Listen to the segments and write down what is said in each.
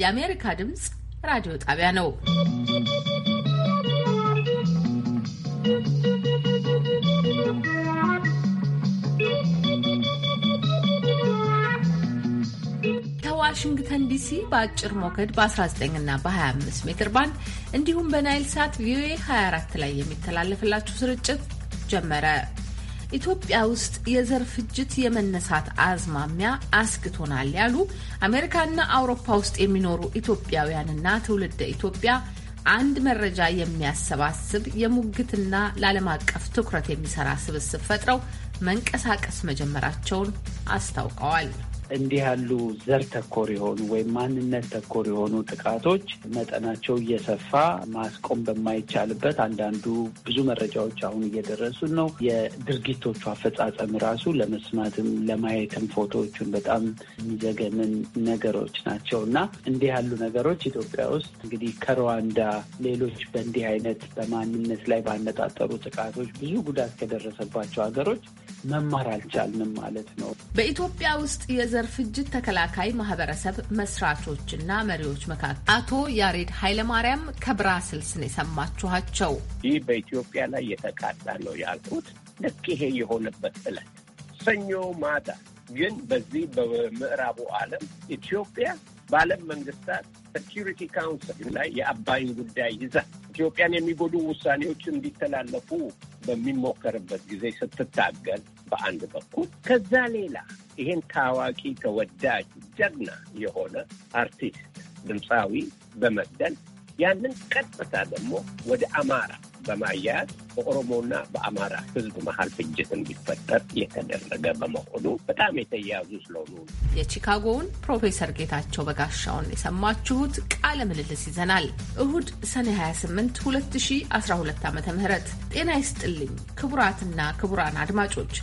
የአሜሪካ ድምፅ ራዲዮ ጣቢያ ነው። ከዋሽንግተን ዲሲ በአጭር ሞገድ በ19 እና በ25 ሜትር ባንድ እንዲሁም በናይል ሳት ቪኦኤ 24 ላይ የሚተላለፍላችሁ ስርጭት ጀመረ። ኢትዮጵያ ውስጥ የዘር ፍጅት የመነሳት አዝማሚያ አስግቶናል ያሉ አሜሪካና አውሮፓ ውስጥ የሚኖሩ ኢትዮጵያውያንና ትውልደ ኢትዮጵያ አንድ መረጃ የሚያሰባስብ የሙግትና ለዓለም አቀፍ ትኩረት የሚሰራ ስብስብ ፈጥረው መንቀሳቀስ መጀመራቸውን አስታውቀዋል። እንዲህ ያሉ ዘር ተኮር የሆኑ ወይም ማንነት ተኮር የሆኑ ጥቃቶች መጠናቸው እየሰፋ ማስቆም በማይቻልበት አንዳንዱ ብዙ መረጃዎች አሁን እየደረሱ ነው። የድርጊቶቹ አፈጻጸም ራሱ ለመስማትም ለማየትም ፎቶዎቹን በጣም የሚዘገንን ነገሮች ናቸው እና እንዲህ ያሉ ነገሮች ኢትዮጵያ ውስጥ እንግዲህ ከሩዋንዳ ሌሎች በእንዲህ አይነት በማንነት ላይ ባነጣጠሩ ጥቃቶች ብዙ ጉዳት ከደረሰባቸው ሀገሮች መማር አልቻልንም ማለት ነው። በኢትዮጵያ ውስጥ ዘርፍጅት ፍጅት ተከላካይ ማህበረሰብ መስራቾችና መሪዎች መካከል አቶ ያሬድ ኃይለማርያም ከብራስልስ ነው የሰማችኋቸው። ይህ በኢትዮጵያ ላይ የተቃጣለው ነው ያልኩት ልክ ይሄ የሆነበት ዕለት ሰኞ ማታ ግን በዚህ በምዕራቡ ዓለም ኢትዮጵያ በዓለም መንግስታት ሴኪሪቲ ካውንስል ላይ የአባይን ጉዳይ ይዛ ኢትዮጵያን የሚጎዱ ውሳኔዎች እንዲተላለፉ በሚሞከርበት ጊዜ ስትታገል በአንድ በኩል ከዛ ሌላ ይህን ታዋቂ ተወዳጅ ጀግና የሆነ አርቲስት ድምፃዊ በመግደል ያንን ቀጥታ ደግሞ ወደ አማራ በማያያዝ በኦሮሞና በአማራ ህዝብ መሀል ፍጅት እንዲፈጠር የተደረገ በመሆኑ በጣም የተያያዙ ስለሆኑ የቺካጎውን ፕሮፌሰር ጌታቸው በጋሻውን የሰማችሁት ቃለ ምልልስ ይዘናል። እሁድ ሰኔ 28 2012 ዓ ም ጤና ይስጥልኝ ክቡራትና ክቡራን አድማጮች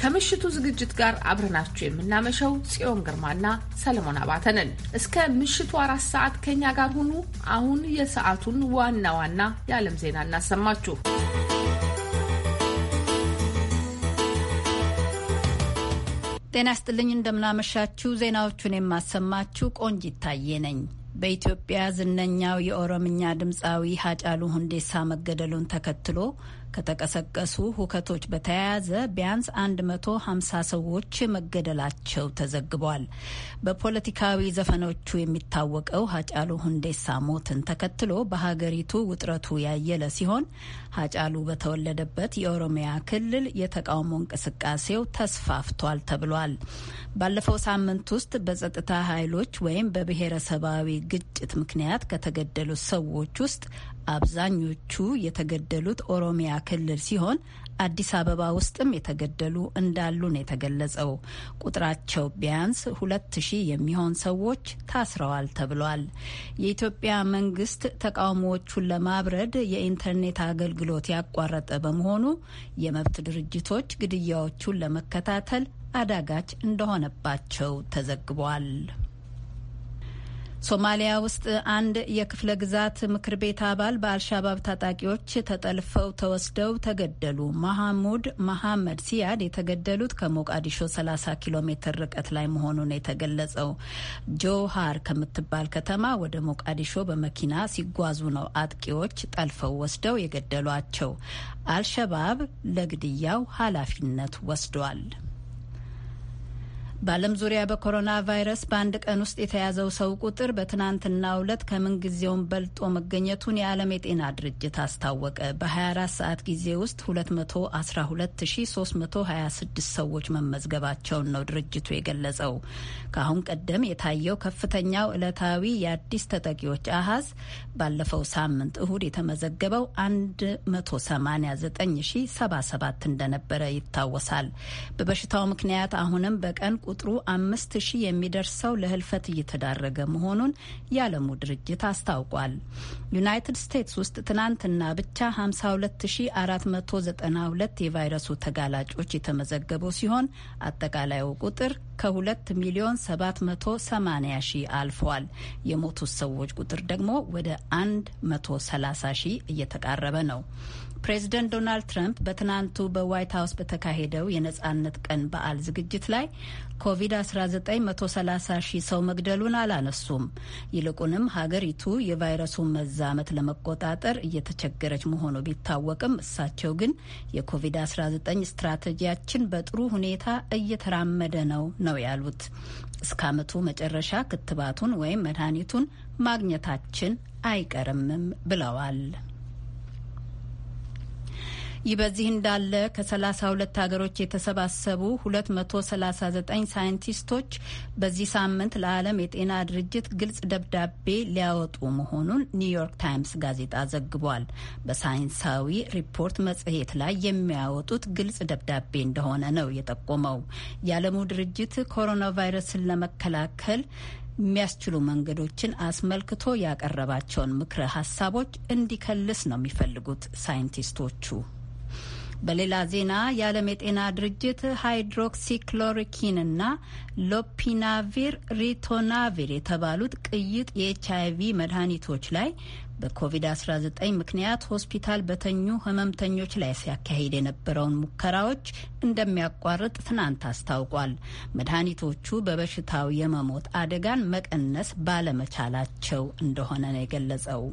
ከምሽቱ ዝግጅት ጋር አብረናችሁ የምናመሸው ጽዮን ግርማና ሰለሞን አባተ ነን። እስከ ምሽቱ አራት ሰዓት ከኛ ጋር ሁኑ። አሁን የሰዓቱን ዋና ዋና የዓለም ዜና እናሰማችሁ። ጤና ይስጥልኝ። እንደምናመሻችሁ። ዜናዎቹን የማሰማችሁ ቆንጅ ይታየ ነኝ። በኢትዮጵያ ዝነኛው የኦሮምኛ ድምፃዊ ሀጫሉ ሁንዴሳ መገደሉን ተከትሎ ከተቀሰቀሱ ሁከቶች በተያያዘ ቢያንስ 150 ሰዎች መገደላቸው ተዘግቧል። በፖለቲካዊ ዘፈኖቹ የሚታወቀው ሀጫሉ ሁንዴሳ ሞትን ተከትሎ በሀገሪቱ ውጥረቱ ያየለ ሲሆን ሀጫሉ በተወለደበት የኦሮሚያ ክልል የተቃውሞ እንቅስቃሴው ተስፋፍቷል ተብሏል። ባለፈው ሳምንት ውስጥ በጸጥታ ኃይሎች ወይም በብሔረሰባዊ ግጭት ምክንያት ከተገደሉት ሰዎች ውስጥ አብዛኞቹ የተገደሉት ኦሮሚያ ክልል ሲሆን አዲስ አበባ ውስጥም የተገደሉ እንዳሉ ነው የተገለጸው። ቁጥራቸው ቢያንስ ሁለት ሺህ የሚሆን ሰዎች ታስረዋል ተብሏል። የኢትዮጵያ መንግስት ተቃውሞዎቹን ለማብረድ የኢንተርኔት አገልግሎት ያቋረጠ በመሆኑ የመብት ድርጅቶች ግድያዎቹን ለመከታተል አዳጋች እንደሆነባቸው ተዘግቧል። ሶማሊያ ውስጥ አንድ የክፍለ ግዛት ምክር ቤት አባል በአልሻባብ ታጣቂዎች ተጠልፈው ተወስደው ተገደሉ። መሐሙድ መሐመድ ሲያድ የተገደሉት ከሞቃዲሾ 30 ኪሎ ሜትር ርቀት ላይ መሆኑን የተገለጸው ጆሃር ከምትባል ከተማ ወደ ሞቃዲሾ በመኪና ሲጓዙ ነው አጥቂዎች ጠልፈው ወስደው የገደሏቸው። አልሸባብ ለግድያው ኃላፊነት ወስዷል። በዓለም ዙሪያ በኮሮና ቫይረስ በአንድ ቀን ውስጥ የተያዘው ሰው ቁጥር በትናንትና ዕለት ጊዜውን በልጦ መገኘቱን የዓለም የጤና ድርጅት አስታወቀ። በ24 ሰዓት ጊዜ ውስጥ 212326 ሰዎች መመዝገባቸውን ነው ድርጅቱ የገለጸው። ከአሁን ቀደም የታየው ከፍተኛው ዕለታዊ የአዲስ ተጠቂዎች አሃዝ ባለፈው ሳምንት እሁድ የተመዘገበው 189,077 እንደነበረ ይታወሳል። በበሽታው ምክንያት አሁንም በቀን ቁጥሩ አምስት ሺህ የሚደርሰው ለህልፈት እየተዳረገ መሆኑን የዓለሙ ድርጅት አስታውቋል። ዩናይትድ ስቴትስ ውስጥ ትናንትና ብቻ 52492 የቫይረሱ ተጋላጮች የተመዘገቡ ሲሆን አጠቃላዩ ቁጥር ከ2 ሚሊዮን 780 ሺህ አልፏል። የሞቱት ሰዎች ቁጥር ደግሞ ወደ 130 ሺህ እየተቃረበ ነው። ፕሬዚደንት ዶናልድ ትራምፕ በትናንቱ በዋይት ሀውስ በተካሄደው የነጻነት ቀን በዓል ዝግጅት ላይ ኮቪድ-19 130 ሺህ ሰው መግደሉን አላነሱም። ይልቁንም ሀገሪቱ የቫይረሱን መዛመት ለመቆጣጠር እየተቸገረች መሆኑ ቢታወቅም እሳቸው ግን የኮቪድ-19 ስትራቴጂያችን በጥሩ ሁኔታ እየተራመደ ነው ነው ያሉት። እስከ አመቱ መጨረሻ ክትባቱን ወይም መድኃኒቱን ማግኘታችን አይቀርምም ብለዋል። ይህ በዚህ እንዳለ ከ32 ሀገሮች የተሰባሰቡ 239 ሳይንቲስቶች በዚህ ሳምንት ለዓለም የጤና ድርጅት ግልጽ ደብዳቤ ሊያወጡ መሆኑን ኒውዮርክ ታይምስ ጋዜጣ ዘግቧል። በሳይንሳዊ ሪፖርት መጽሔት ላይ የሚያወጡት ግልጽ ደብዳቤ እንደሆነ ነው የጠቆመው። የዓለሙ ድርጅት ኮሮና ቫይረስን ለመከላከል የሚያስችሉ መንገዶችን አስመልክቶ ያቀረባቸውን ምክረ ሀሳቦች እንዲከልስ ነው የሚፈልጉት ሳይንቲስቶቹ። በሌላ ዜና የዓለም የጤና ድርጅት እና ሎፒናቪር ሪቶናቪር የተባሉት ቅይጥ የኤች አይቪ መድኃኒቶች ላይ በኮቪድ-19 ምክንያት ሆስፒታል በተኙ ህመምተኞች ላይ ሲያካሂድ የነበረውን ሙከራዎች እንደሚያቋርጥ ትናንት አስታውቋል። መድኃኒቶቹ በበሽታው የመሞት አደጋን መቀነስ ባለመቻላቸው እንደሆነ ነው የገለጸው።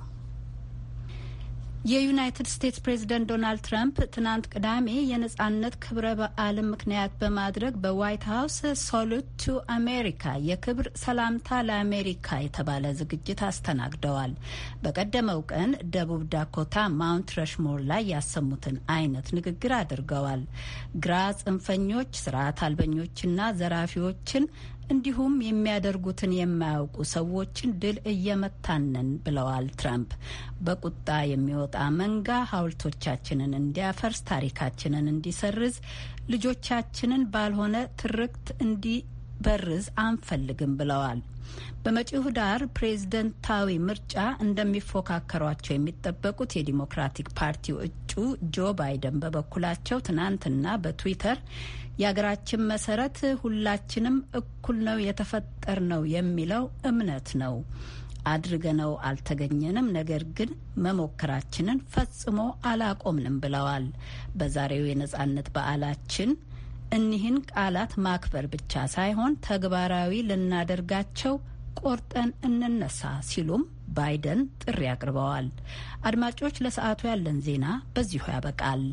የዩናይትድ ስቴትስ ፕሬዝደንት ዶናልድ ትራምፕ ትናንት ቅዳሜ የነጻነት ክብረ በዓልን ምክንያት በማድረግ በዋይት ሀውስ ሶሉት ቱ አሜሪካ የክብር ሰላምታ ለአሜሪካ የተባለ ዝግጅት አስተናግደዋል። በቀደመው ቀን ደቡብ ዳኮታ ማውንት ረሽሞር ላይ ያሰሙትን አይነት ንግግር አድርገዋል። ግራ ጽንፈኞች፣ ስርዓት አልበኞችና ዘራፊዎችን እንዲሁም የሚያደርጉትን የማያውቁ ሰዎችን ድል እየመታነን ብለዋል ትራምፕ። በቁጣ የሚወጣ መንጋ ሐውልቶቻችንን እንዲያፈርስ፣ ታሪካችንን እንዲሰርዝ፣ ልጆቻችንን ባልሆነ ትርክት እንዲበርዝ አንፈልግም ብለዋል። በመጪው ህዳር ፕሬዝደንታዊ ምርጫ እንደሚፎካከሯቸው የሚጠበቁት የዲሞክራቲክ ፓርቲው እጩ ጆ ባይደን በበኩላቸው ትናንትና በትዊተር የሀገራችን መሰረት ሁላችንም እኩል ነው የተፈጠር ነው የሚለው እምነት ነው። አድርገነው አልተገኘንም፣ ነገር ግን መሞከራችንን ፈጽሞ አላቆምንም ብለዋል። በዛሬው የነጻነት በዓላችን እኒህን ቃላት ማክበር ብቻ ሳይሆን ተግባራዊ ልናደርጋቸው ቆርጠን እንነሳ ሲሉም ባይደን ጥሪ አቅርበዋል። አድማጮች፣ ለሰዓቱ ያለን ዜና በዚሁ ያበቃል።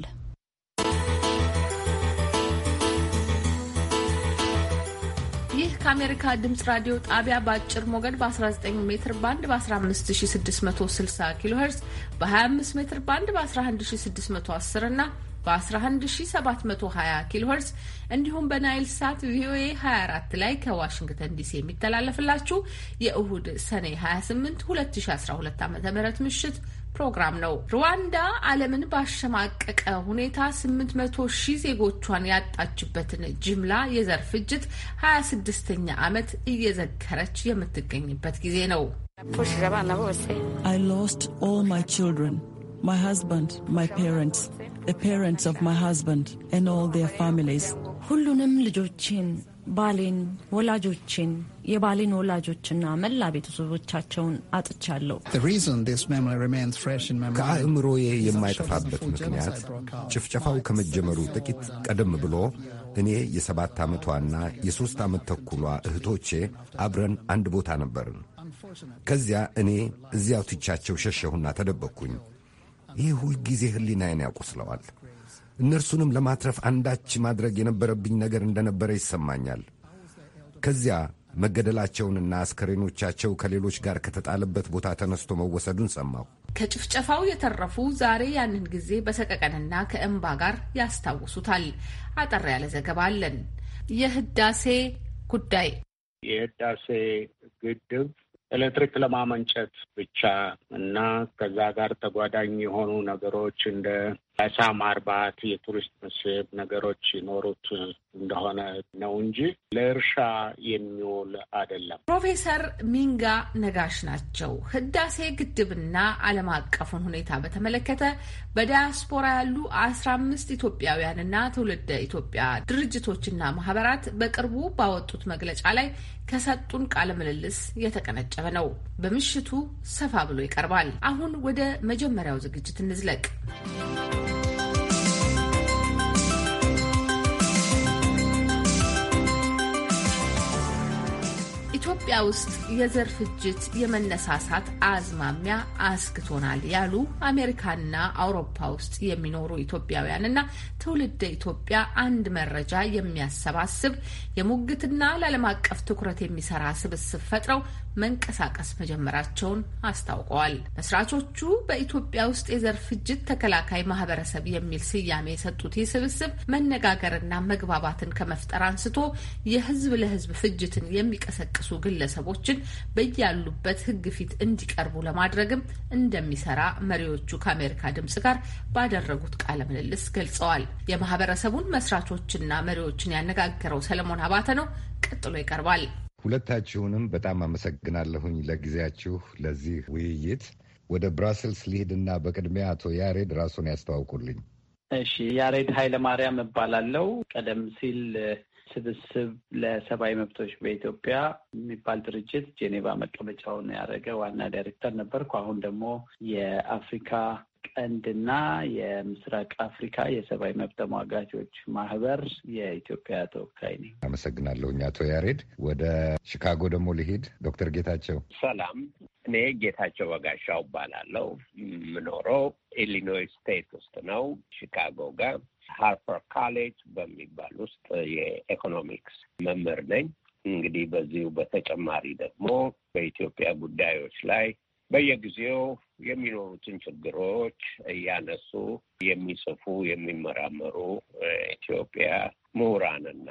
ከአሜሪካ ድምፅ ራዲዮ ጣቢያ በአጭር ሞገድ በ19 ሜትር ባንድ በ15660 ኪሎ ሄርዝ በ25 ሜትር ባንድ በ11610 እና በ11720 ኪሎ ሄርዝ እንዲሁም በናይል ሳት ቪኦኤ 24 ላይ ከዋሽንግተን ዲሲ የሚተላለፍላችሁ የእሁድ ሰኔ 28 2012 ዓ ም ምሽት ፕሮግራም ነው። ሩዋንዳ ዓለምን ባሸማቀቀ ሁኔታ 800 ሺህ ዜጎቿን ያጣችበትን ጅምላ የዘር ፍጅት 26ኛ ዓመት እየዘከረች የምትገኝበት ጊዜ ነው። ሁሉንም ልጆቼን ባሌን፣ ወላጆችን የባሌን ወላጆችና መላ ቤተሰቦቻቸውን አጥቻለሁ። ከአእምሮዬ የማይጠፋበት ምክንያት ጭፍጨፋው ከመጀመሩ ጥቂት ቀደም ብሎ እኔ የሰባት ዓመቷና የሦስት ዓመት ተኩሏ እህቶቼ አብረን አንድ ቦታ ነበርን። ከዚያ እኔ እዚያው ትቻቸው ሸሸሁና ተደበቅኩኝ። ይህ ሁልጊዜ ሕሊናዬን ያቆስለዋል። እነርሱንም ለማትረፍ አንዳች ማድረግ የነበረብኝ ነገር እንደነበረ ይሰማኛል። ከዚያ መገደላቸውንና አስከሬኖቻቸው ከሌሎች ጋር ከተጣለበት ቦታ ተነስቶ መወሰዱን ሰማሁ። ከጭፍጨፋው የተረፉ ዛሬ ያንን ጊዜ በሰቀቀንና ከእንባ ጋር ያስታውሱታል። አጠር ያለ ዘገባ አለን። የህዳሴ ጉዳይ የህዳሴ ግድብ ኤሌክትሪክ ለማመንጨት ብቻ እና ከዛ ጋር ተጓዳኝ የሆኑ ነገሮች እንደ አሳ ማርባት የቱሪስት መስህብ ነገሮች ይኖሩት እንደሆነ ነው እንጂ ለእርሻ የሚውል አይደለም። ፕሮፌሰር ሚንጋ ነጋሽ ናቸው። ህዳሴ ግድብና ዓለም አቀፉን ሁኔታ በተመለከተ በዳያስፖራ ያሉ አስራ አምስት ኢትዮጵያውያንና ትውልደ ኢትዮጵያ ድርጅቶችና ማህበራት በቅርቡ ባወጡት መግለጫ ላይ ከሰጡን ቃለ ምልልስ የተቀነጨበ ነው። በምሽቱ ሰፋ ብሎ ይቀርባል። አሁን ወደ መጀመሪያው ዝግጅት እንዝለቅ። ኢትዮጵያ ውስጥ የዘር ፍጅት የመነሳሳት አዝማሚያ አስግቶናል ያሉ አሜሪካና አውሮፓ ውስጥ የሚኖሩ ኢትዮጵያውያንና ትውልደ ኢትዮጵያ አንድ መረጃ የሚያሰባስብ የሙግትና ለዓለም አቀፍ ትኩረት የሚሰራ ስብስብ ፈጥረው መንቀሳቀስ መጀመራቸውን አስታውቀዋል። መስራቾቹ በኢትዮጵያ ውስጥ የዘር ፍጅት ተከላካይ ማህበረሰብ የሚል ስያሜ የሰጡት ይህ ስብስብ መነጋገርና መግባባትን ከመፍጠር አንስቶ የህዝብ ለህዝብ ፍጅትን የሚቀሰቅሱ ግለሰቦችን በያሉበት ህግ ፊት እንዲቀርቡ ለማድረግም እንደሚሰራ መሪዎቹ ከአሜሪካ ድምጽ ጋር ባደረጉት ቃለ ምልልስ ገልጸዋል። የማህበረሰቡን መስራቾችና መሪዎችን ያነጋገረው ሰለሞን አባተ ነው። ቀጥሎ ይቀርባል። ሁለታችሁንም በጣም አመሰግናለሁኝ ለጊዜያችሁ ለዚህ ውይይት። ወደ ብራስልስ ሊሄድና በቅድሚያ አቶ ያሬድ ራሱን ያስተዋውቁልኝ። እሺ፣ ያሬድ ኃይለማርያም እባላለሁ። ቀደም ሲል ስብስብ ለሰብአዊ መብቶች በኢትዮጵያ የሚባል ድርጅት ጄኔቫ መቀመጫውን ያደረገ ዋና ዳይሬክተር ነበርኩ። አሁን ደግሞ የአፍሪካ ቀንድና የምስራቅ አፍሪካ የሰብአዊ መብት ተሟጋቾች ማህበር የኢትዮጵያ ተወካይ ነኝ። አመሰግናለሁ። አቶ ያሬድ ወደ ሺካጎ ደግሞ ልሂድ። ዶክተር ጌታቸው ሰላም። እኔ ጌታቸው በጋሻው እባላለሁ። የምኖረው ኢሊኖይ ስቴት ውስጥ ነው፣ ሺካጎ ጋር ሃርፐር ካሌጅ በሚባል ውስጥ የኢኮኖሚክስ መምህር ነኝ። እንግዲህ በዚሁ በተጨማሪ ደግሞ በኢትዮጵያ ጉዳዮች ላይ በየጊዜው የሚኖሩትን ችግሮች እያነሱ የሚጽፉ የሚመራመሩ ኢትዮጵያ ምሁራንና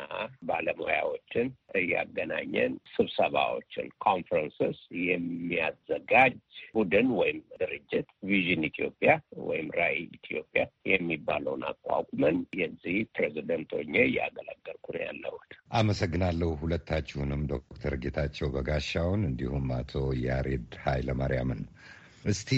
ባለሙያዎችን እያገናኘን ስብሰባዎችን ኮንፈረንስስ የሚያዘጋጅ ቡድን ወይም ድርጅት ቪዥን ኢትዮጵያ ወይም ራዕይ ኢትዮጵያ የሚባለውን አቋቁመን የዚህ ፕሬዚደንት ሆኜ እያገለገልኩ ነው ያለሁት። አመሰግናለሁ ሁለታችሁንም ዶክተር ጌታቸው በጋሻውን እንዲሁም አቶ ያሬድ ኃይለማርያምን። እስቲ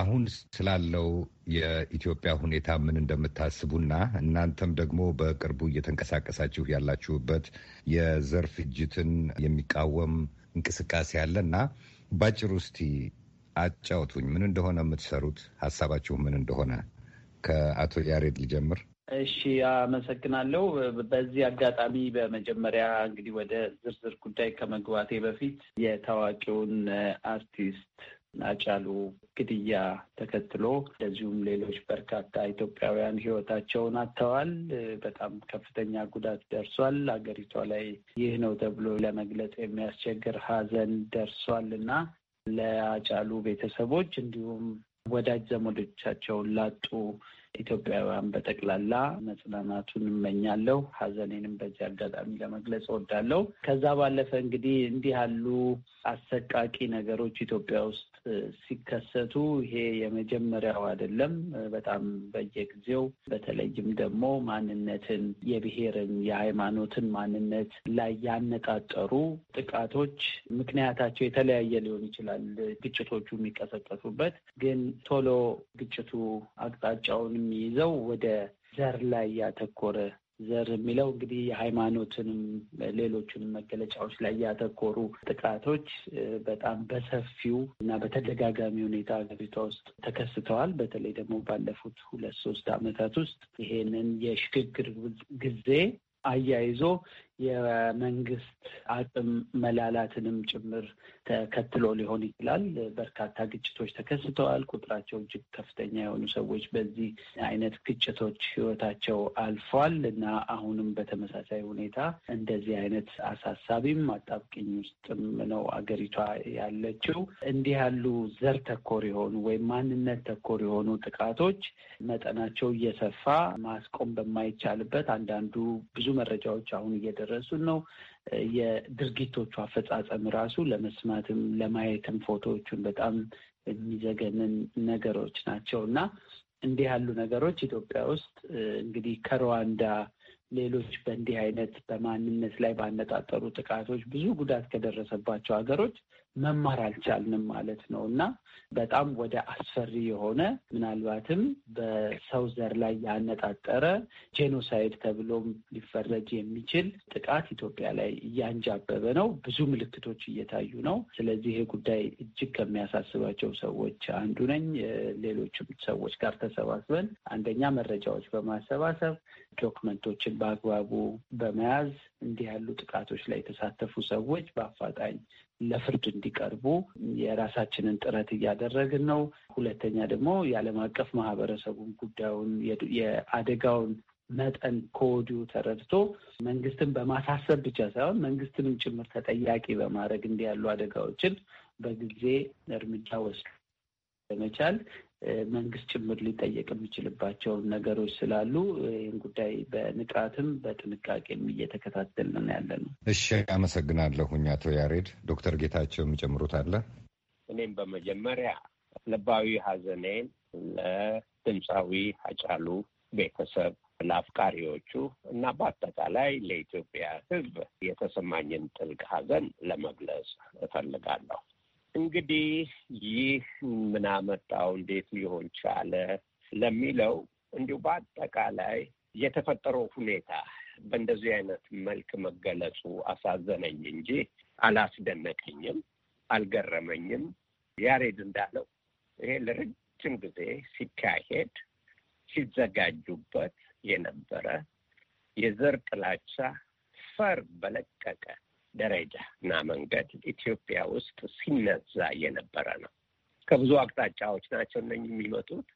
አሁን ስላለው የኢትዮጵያ ሁኔታ ምን እንደምታስቡና እናንተም ደግሞ በቅርቡ እየተንቀሳቀሳችሁ ያላችሁበት የዘር ፍጅትን የሚቃወም እንቅስቃሴ አለ እና ባጭሩ እስቲ አጫውቱኝ። ምን እንደሆነ የምትሰሩት ሀሳባችሁ ምን እንደሆነ ከአቶ ያሬድ ልጀምር። እሺ፣ አመሰግናለሁ። በዚህ አጋጣሚ በመጀመሪያ እንግዲህ ወደ ዝርዝር ጉዳይ ከመግባቴ በፊት የታዋቂውን አርቲስት አጫሉ ግድያ ተከትሎ እንደዚሁም ሌሎች በርካታ ኢትዮጵያውያን ህይወታቸውን አጥተዋል። በጣም ከፍተኛ ጉዳት ደርሷል። አገሪቷ ላይ ይህ ነው ተብሎ ለመግለጽ የሚያስቸግር ሀዘን ደርሷል እና ለአጫሉ ቤተሰቦች እንዲሁም ወዳጅ ዘመዶቻቸውን ላጡ ኢትዮጵያውያን በጠቅላላ መጽናናቱን እመኛለሁ። ሀዘኔንም በዚህ አጋጣሚ ለመግለጽ እወዳለሁ። ከዛ ባለፈ እንግዲህ እንዲህ ያሉ አሰቃቂ ነገሮች ኢትዮጵያ ውስጥ ሲከሰቱ ይሄ የመጀመሪያው አይደለም። በጣም በየጊዜው በተለይም ደግሞ ማንነትን፣ የብሔርን፣ የሃይማኖትን ማንነት ላይ ያነጣጠሩ ጥቃቶች ምክንያታቸው የተለያየ ሊሆን ይችላል። ግጭቶቹ የሚቀሰቀሱበት ግን ቶሎ ግጭቱ አቅጣጫውን የሚይዘው ወደ ዘር ላይ ያተኮረ ዘር የሚለው እንግዲህ የሃይማኖትንም ሌሎቹንም መገለጫዎች ላይ ያተኮሩ ጥቃቶች በጣም በሰፊው እና በተደጋጋሚ ሁኔታ ሀገሪቷ ውስጥ ተከስተዋል። በተለይ ደግሞ ባለፉት ሁለት ሶስት ዓመታት ውስጥ ይሄንን የሽግግር ጊዜ አያይዞ የመንግስት አቅም መላላትንም ጭምር ተከትሎ ሊሆን ይችላል። በርካታ ግጭቶች ተከስተዋል። ቁጥራቸው እጅግ ከፍተኛ የሆኑ ሰዎች በዚህ አይነት ግጭቶች ህይወታቸው አልፏል እና አሁንም በተመሳሳይ ሁኔታ እንደዚህ አይነት አሳሳቢም አጣብቂኝ ውስጥም ነው አገሪቷ ያለችው። እንዲህ ያሉ ዘር ተኮር የሆኑ ወይም ማንነት ተኮር የሆኑ ጥቃቶች መጠናቸው እየሰፋ ማስቆም በማይቻልበት አንዳንዱ ብዙ መረጃዎች አሁን እየደ እያደረሱን ነው። የድርጊቶቹ አፈጻጸም ራሱ ለመስማትም ለማየትም ፎቶዎቹን በጣም የሚዘገንን ነገሮች ናቸው እና እንዲህ ያሉ ነገሮች ኢትዮጵያ ውስጥ እንግዲህ ከሩዋንዳ ሌሎች በእንዲህ አይነት በማንነት ላይ ባነጣጠሩ ጥቃቶች ብዙ ጉዳት ከደረሰባቸው ሀገሮች መማር አልቻልንም ማለት ነው እና በጣም ወደ አስፈሪ የሆነ ምናልባትም በሰው ዘር ላይ ያነጣጠረ ጄኖሳይድ ተብሎም ሊፈረጅ የሚችል ጥቃት ኢትዮጵያ ላይ እያንጃበበ ነው። ብዙ ምልክቶች እየታዩ ነው። ስለዚህ ይሄ ጉዳይ እጅግ ከሚያሳስባቸው ሰዎች አንዱ ነኝ። ሌሎችም ሰዎች ጋር ተሰባስበን አንደኛ መረጃዎች በማሰባሰብ ዶክመንቶችን በአግባቡ በመያዝ እንዲህ ያሉ ጥቃቶች ላይ የተሳተፉ ሰዎች በአፋጣኝ ለፍርድ እንዲቀርቡ የራሳችንን ጥረት እያደረግን ነው። ሁለተኛ ደግሞ የዓለም አቀፍ ማህበረሰቡን ጉዳዩን የአደጋውን መጠን ከወዲሁ ተረድቶ መንግስትን በማሳሰብ ብቻ ሳይሆን መንግስትንም ጭምር ተጠያቂ በማድረግ እንዲህ ያሉ አደጋዎችን በጊዜ እርምጃ ወስዶ በመቻል መንግስት ጭምር ሊጠየቅ የሚችልባቸው ነገሮች ስላሉ ይህን ጉዳይ በንቃትም በጥንቃቄም እየተከታተልን ያለ ነው። እሺ፣ አመሰግናለሁኝ አቶ ያሬድ። ዶክተር ጌታቸው የሚጨምሩት አለ? እኔም በመጀመሪያ ልባዊ ሀዘኔን ለድምፃዊ አጫሉ ቤተሰብ፣ ለአፍቃሪዎቹ እና በአጠቃላይ ለኢትዮጵያ ሕዝብ የተሰማኝን ጥልቅ ሀዘን ለመግለጽ እፈልጋለሁ። እንግዲህ ይህ ምናመጣው እንዴት ሊሆን ቻለ ለሚለው እንዲሁ በአጠቃላይ የተፈጠረው ሁኔታ በእንደዚህ አይነት መልክ መገለጹ አሳዘነኝ እንጂ አላስደነቀኝም፣ አልገረመኝም። ያሬድ እንዳለው ይሄ ለረጅም ጊዜ ሲካሄድ ሲዘጋጁበት የነበረ የዘር ጥላቻ ፈር በለቀቀ ደረጃ እና መንገድ ኢትዮጵያ ውስጥ ሲነዛ የነበረ ነው። ከብዙ አቅጣጫዎች ናቸው እነኝህ የሚመጡት፣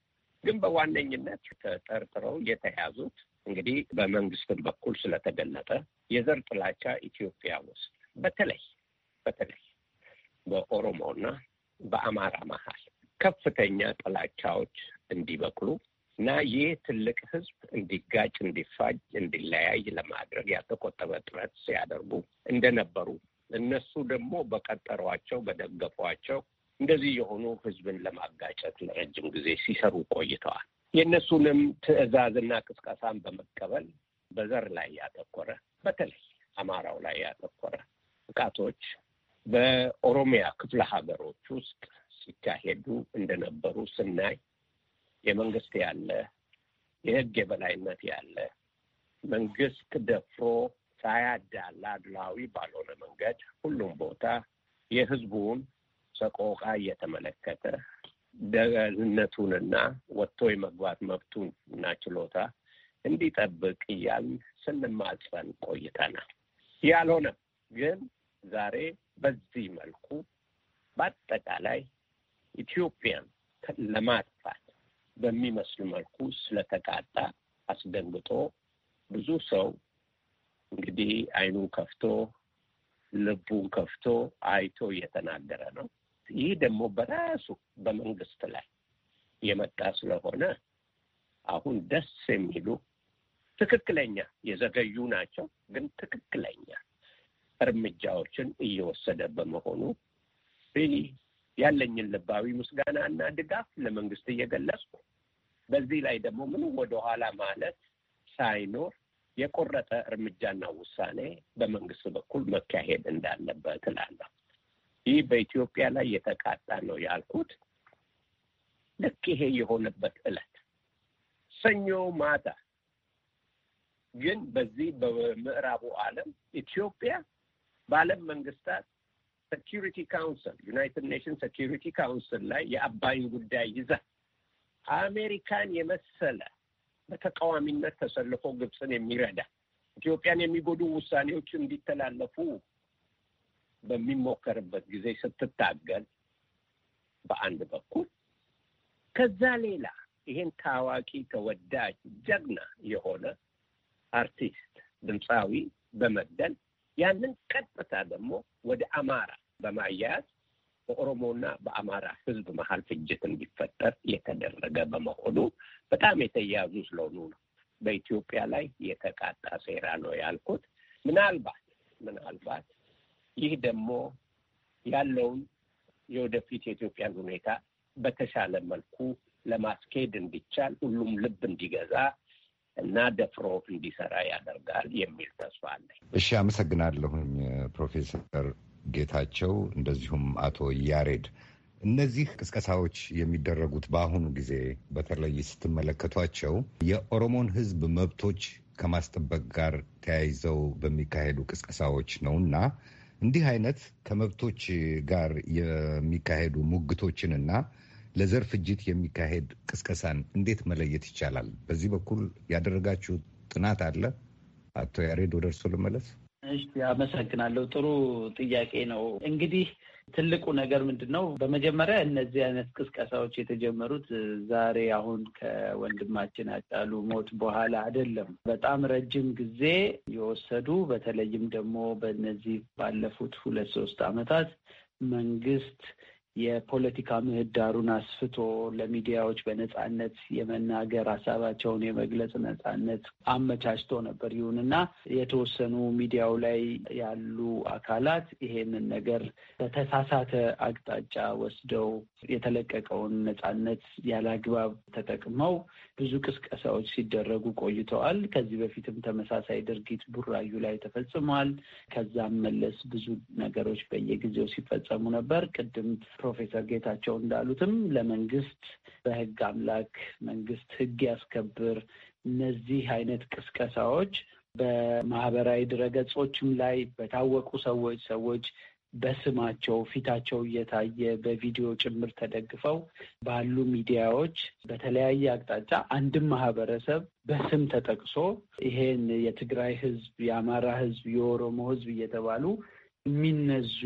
ግን በዋነኝነት ተጠርጥረው የተያዙት እንግዲህ በመንግስትም በኩል ስለተገለጠ የዘር ጥላቻ ኢትዮጵያ ውስጥ በተለይ በተለይ በኦሮሞና በአማራ መሀል ከፍተኛ ጥላቻዎች እንዲበቅሉ እና ይህ ትልቅ ህዝብ እንዲጋጭ፣ እንዲፋጅ፣ እንዲለያይ ለማድረግ ያልተቆጠበ ጥረት ሲያደርጉ እንደነበሩ እነሱ ደግሞ በቀጠሯቸው በደገፏቸው እንደዚህ የሆኑ ህዝብን ለማጋጨት ለረጅም ጊዜ ሲሰሩ ቆይተዋል። የእነሱንም ትዕዛዝና ቅስቀሳን በመቀበል በዘር ላይ ያተኮረ በተለይ አማራው ላይ ያተኮረ ጥቃቶች በኦሮሚያ ክፍለ ሀገሮች ውስጥ ሲካሄዱ እንደነበሩ ስናይ የመንግስት ያለ የህግ የበላይነት ያለ መንግስት ደፍሮ ሳያዳላ አድላዊ ባልሆነ መንገድ ሁሉም ቦታ የህዝቡን ሰቆቃ እየተመለከተ ደህንነቱንና ወጥቶ የመግባት መብቱን እና ችሎታ እንዲጠብቅ እያል ስንማጸን ቆይተናል። ያልሆነ ግን ዛሬ በዚህ መልኩ በአጠቃላይ ኢትዮጵያን ለማጥፋት በሚመስል መልኩ ስለተቃጣ አስደንግጦ ብዙ ሰው እንግዲህ አይኑን ከፍቶ ልቡን ከፍቶ አይቶ እየተናገረ ነው። ይህ ደግሞ በራሱ በመንግስት ላይ የመጣ ስለሆነ አሁን ደስ የሚሉ ትክክለኛ የዘገዩ ናቸው፣ ግን ትክክለኛ እርምጃዎችን እየወሰደ በመሆኑ ያለኝን ልባዊ ምስጋና እና ድጋፍ ለመንግስት እየገለጽኩ በዚህ ላይ ደግሞ ምንም ወደኋላ ማለት ሳይኖር የቆረጠ እርምጃና ውሳኔ በመንግስት በኩል መካሄድ እንዳለበት እላለሁ። ይህ በኢትዮጵያ ላይ የተቃጣ ነው ያልኩት ልክ ይሄ የሆነበት ዕለት ሰኞ ማታ ግን በዚህ በምዕራቡ ዓለም ኢትዮጵያ በዓለም መንግስታት ሴኪሪቲ ካውንስል ዩናይትድ ኔሽንስ ሴኪሪቲ ካውንስል ላይ የአባይን ጉዳይ ይዛ አሜሪካን የመሰለ በተቃዋሚነት ተሰልፎ ግብፅን የሚረዳ ኢትዮጵያን የሚጎዱ ውሳኔዎች እንዲተላለፉ በሚሞከርበት ጊዜ ስትታገል በአንድ በኩል ከዛ ሌላ ይሄን ታዋቂ ተወዳጅ ጀግና የሆነ አርቲስት ድምፃዊ በመግደል ያንን ቀጥታ ደግሞ ወደ አማራ በማያያዝ በኦሮሞና በአማራ ህዝብ መሀል ፍጅት እንዲፈጠር የተደረገ በመሆኑ በጣም የተያያዙ ስለሆኑ ነው በኢትዮጵያ ላይ የተቃጣ ሴራ ነው ያልኩት። ምናልባት ምናልባት ይህ ደግሞ ያለውን የወደፊት የኢትዮጵያን ሁኔታ በተሻለ መልኩ ለማስኬድ እንዲቻል ሁሉም ልብ እንዲገዛ እና ደፍሮ እንዲሰራ ያደርጋል የሚል ተስፋ አለኝ። እሺ፣ አመሰግናለሁኝ ፕሮፌሰር ጌታቸው፣ እንደዚሁም አቶ ያሬድ እነዚህ ቅስቀሳዎች የሚደረጉት በአሁኑ ጊዜ በተለይ ስትመለከቷቸው የኦሮሞን ሕዝብ መብቶች ከማስጠበቅ ጋር ተያይዘው በሚካሄዱ ቅስቀሳዎች ነው እና እንዲህ አይነት ከመብቶች ጋር የሚካሄዱ ሙግቶችንና ለዘር ፍጅት የሚካሄድ ቅስቀሳን እንዴት መለየት ይቻላል? በዚህ በኩል ያደረጋችሁ ጥናት አለ? አቶ ያሬድ ወደ እርሶ ልመለስ። እሺ፣ አመሰግናለሁ። ጥሩ ጥያቄ ነው። እንግዲህ ትልቁ ነገር ምንድን ነው? በመጀመሪያ እነዚህ አይነት ቅስቀሳዎች የተጀመሩት ዛሬ አሁን ከወንድማችን አጫሉ ሞት በኋላ አይደለም። በጣም ረጅም ጊዜ የወሰዱ በተለይም ደግሞ በእነዚህ ባለፉት ሁለት ሶስት አመታት መንግስት የፖለቲካ ምህዳሩን አስፍቶ ለሚዲያዎች በነጻነት የመናገር ሀሳባቸውን የመግለጽ ነጻነት አመቻችቶ ነበር። ይሁንና የተወሰኑ ሚዲያው ላይ ያሉ አካላት ይሄንን ነገር በተሳሳተ አቅጣጫ ወስደው የተለቀቀውን ነጻነት ያለአግባብ ተጠቅመው ብዙ ቅስቀሳዎች ሲደረጉ ቆይተዋል። ከዚህ በፊትም ተመሳሳይ ድርጊት ቡራዩ ላይ ተፈጽሟል። ከዛም መለስ ብዙ ነገሮች በየጊዜው ሲፈጸሙ ነበር። ቅድም ፕሮፌሰር ጌታቸው እንዳሉትም ለመንግስት በህግ አምላክ መንግስት ህግ ያስከብር። እነዚህ አይነት ቅስቀሳዎች በማህበራዊ ድረገጾችም ላይ በታወቁ ሰዎች ሰዎች በስማቸው ፊታቸው እየታየ በቪዲዮ ጭምር ተደግፈው ባሉ ሚዲያዎች በተለያየ አቅጣጫ አንድም ማህበረሰብ በስም ተጠቅሶ ይሄን የትግራይ ህዝብ፣ የአማራ ህዝብ፣ የኦሮሞ ህዝብ እየተባሉ የሚነዙ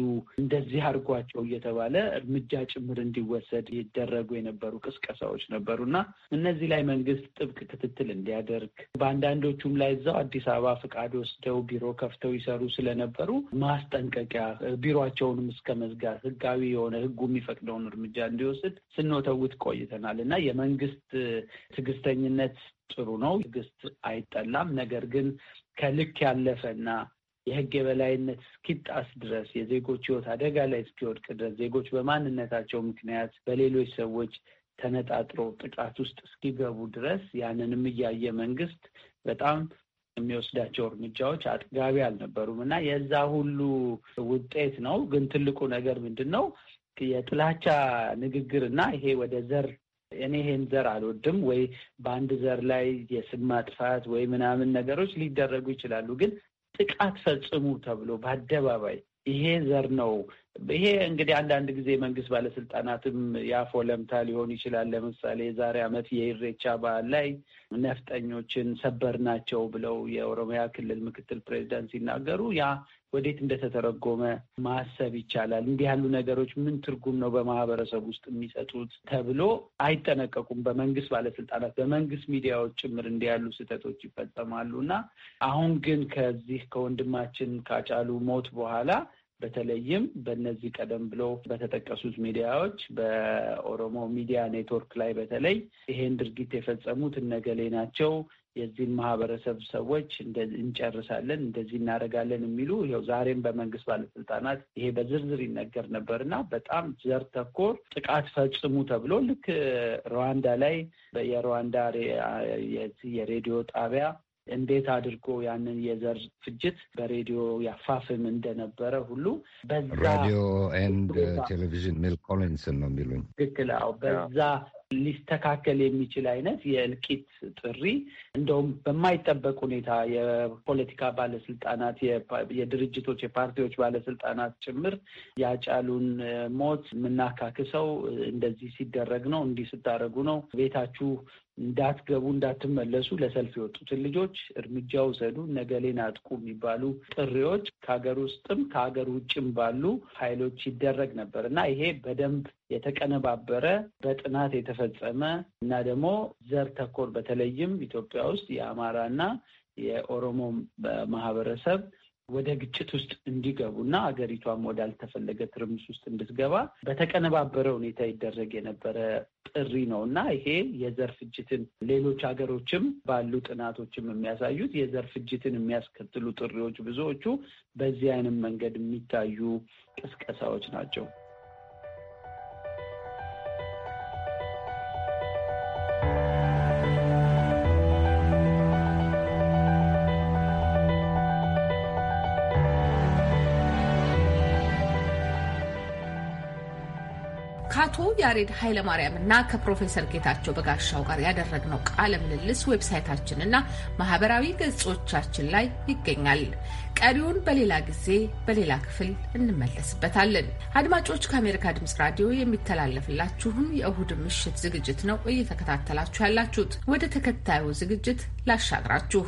እንደዚህ አድርጓቸው እየተባለ እርምጃ ጭምር እንዲወሰድ ይደረጉ የነበሩ ቅስቀሳዎች ነበሩ እና እነዚህ ላይ መንግስት ጥብቅ ክትትል እንዲያደርግ በአንዳንዶቹም ላይ እዛው አዲስ አበባ ፍቃድ ወስደው ቢሮ ከፍተው ይሰሩ ስለነበሩ ማስጠንቀቂያ ቢሮቸውንም እስከ መዝጋት ህጋዊ የሆነ ህጉ የሚፈቅደውን እርምጃ እንዲወስድ ስንወተውት ቆይተናል እና የመንግስት ትዕግስተኝነት ጥሩ ነው። ትዕግስት አይጠላም። ነገር ግን ከልክ ያለፈና የህግ የበላይነት እስኪጣስ ድረስ የዜጎች ህይወት አደጋ ላይ እስኪወድቅ ድረስ ዜጎች በማንነታቸው ምክንያት በሌሎች ሰዎች ተነጣጥሮ ጥቃት ውስጥ እስኪገቡ ድረስ ያንንም እያየ መንግስት በጣም የሚወስዳቸው እርምጃዎች አጥጋቢ አልነበሩም እና የዛ ሁሉ ውጤት ነው። ግን ትልቁ ነገር ምንድን ነው? የጥላቻ ንግግር እና ይሄ ወደ ዘር እኔ ይሄን ዘር አልወድም ወይ በአንድ ዘር ላይ የስም ማጥፋት ወይ ምናምን ነገሮች ሊደረጉ ይችላሉ። ግን ጥቃት ፈጽሙ ተብሎ በአደባባይ ይሄ ዘር ነው ይሄ እንግዲህ አንዳንድ ጊዜ መንግስት ባለስልጣናትም የአፎ ለምታ ሊሆን ይችላል። ለምሳሌ የዛሬ ዓመት የኢሬቻ በዓል ላይ ነፍጠኞችን ሰበር ናቸው ብለው የኦሮሚያ ክልል ምክትል ፕሬዚዳንት ሲናገሩ ያ ወዴት እንደተተረጎመ ማሰብ ይቻላል። እንዲህ ያሉ ነገሮች ምን ትርጉም ነው በማህበረሰብ ውስጥ የሚሰጡት ተብሎ አይጠነቀቁም። በመንግስት ባለስልጣናት፣ በመንግስት ሚዲያዎች ጭምር እንዲህ ያሉ ስህተቶች ይፈጸማሉ እና አሁን ግን ከዚህ ከወንድማችን ካጫሉ ሞት በኋላ በተለይም በእነዚህ ቀደም ብሎ በተጠቀሱት ሚዲያዎች በኦሮሞ ሚዲያ ኔትወርክ ላይ በተለይ ይሄን ድርጊት የፈጸሙት እነገሌ ናቸው፣ የዚህን ማህበረሰብ ሰዎች እንጨርሳለን፣ እንደዚህ እናደርጋለን የሚሉ ይኸው ዛሬም በመንግስት ባለስልጣናት ይሄ በዝርዝር ይነገር ነበርና በጣም ዘር ተኮር ጥቃት ፈጽሙ ተብሎ ልክ ሩዋንዳ ላይ የሩዋንዳ የሬዲዮ ጣቢያ እንዴት አድርጎ ያንን የዘር ፍጅት በሬዲዮ ያፋፍም እንደነበረ ሁሉ በዛ ኤንድ ቴሌቪዥን ሚል ኮሊንስን ነው የሚሉኝ። ትክክል። አዎ በዛ ሊስተካከል የሚችል አይነት የእልቂት ጥሪ እንደውም በማይጠበቅ ሁኔታ የፖለቲካ ባለስልጣናት፣ የድርጅቶች፣ የፓርቲዎች ባለስልጣናት ጭምር ያጫሉን ሞት የምናካክሰው እንደዚህ ሲደረግ ነው፣ እንዲህ ስታደረጉ ነው፣ ቤታችሁ እንዳትገቡ እንዳትመለሱ ለሰልፍ የወጡትን ልጆች እርምጃ ውሰዱ፣ ነገሌን አጥቁ የሚባሉ ጥሪዎች ከሀገር ውስጥም ከሀገር ውጭም ባሉ ኃይሎች ይደረግ ነበር እና ይሄ በደንብ የተቀነባበረ በጥናት የተፈጸመ እና ደግሞ ዘር ተኮር በተለይም ኢትዮጵያ ውስጥ የአማራና የኦሮሞ ማህበረሰብ ወደ ግጭት ውስጥ እንዲገቡ እና አገሪቷም ወዳልተፈለገ ትርምስ ውስጥ እንድትገባ በተቀነባበረ ሁኔታ ይደረግ የነበረ ጥሪ ነው እና ይሄ የዘር ፍጅትን ሌሎች ሀገሮችም ባሉ ጥናቶችም የሚያሳዩት የዘር ፍጅትን የሚያስከትሉ ጥሪዎች ብዙዎቹ በዚህ አይነት መንገድ የሚታዩ ቅስቀሳዎች ናቸው። ከአቶ ያሬድ ኃይለማርያም እና ከፕሮፌሰር ጌታቸው በጋሻው ጋር ያደረግነው ቃለ ምልልስ ዌብሳይታችን እና ማህበራዊ ገጾቻችን ላይ ይገኛል። ቀሪውን በሌላ ጊዜ በሌላ ክፍል እንመለስበታለን። አድማጮች፣ ከአሜሪካ ድምጽ ራዲዮ የሚተላለፍላችሁን የእሁድ ምሽት ዝግጅት ነው እየተከታተላችሁ ያላችሁት። ወደ ተከታዩ ዝግጅት ላሻግራችሁ።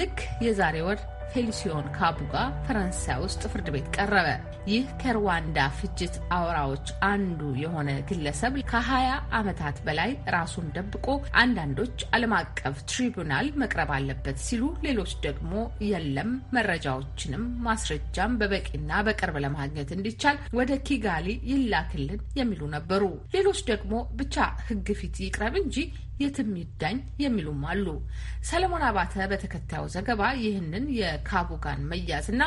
ልክ የዛሬ ወር ፌሊሲዮን ካቡጋ ፈረንሳይ ውስጥ ፍርድ ቤት ቀረበ። ይህ ከሩዋንዳ ፍጅት አውራዎች አንዱ የሆነ ግለሰብ ከ20 ዓመታት በላይ ራሱን ደብቆ አንዳንዶች ዓለም አቀፍ ትሪቡናል መቅረብ አለበት ሲሉ፣ ሌሎች ደግሞ የለም መረጃዎችንም ማስረጃም በበቂና በቅርብ ለማግኘት እንዲቻል ወደ ኪጋሊ ይላክልን የሚሉ ነበሩ። ሌሎች ደግሞ ብቻ ሕግ ፊት ይቅረብ እንጂ የትም ይዳኝ የሚሉም አሉ። ሰለሞን አባተ በተከታዩ ዘገባ ይህንን የካቡጋን መያዝና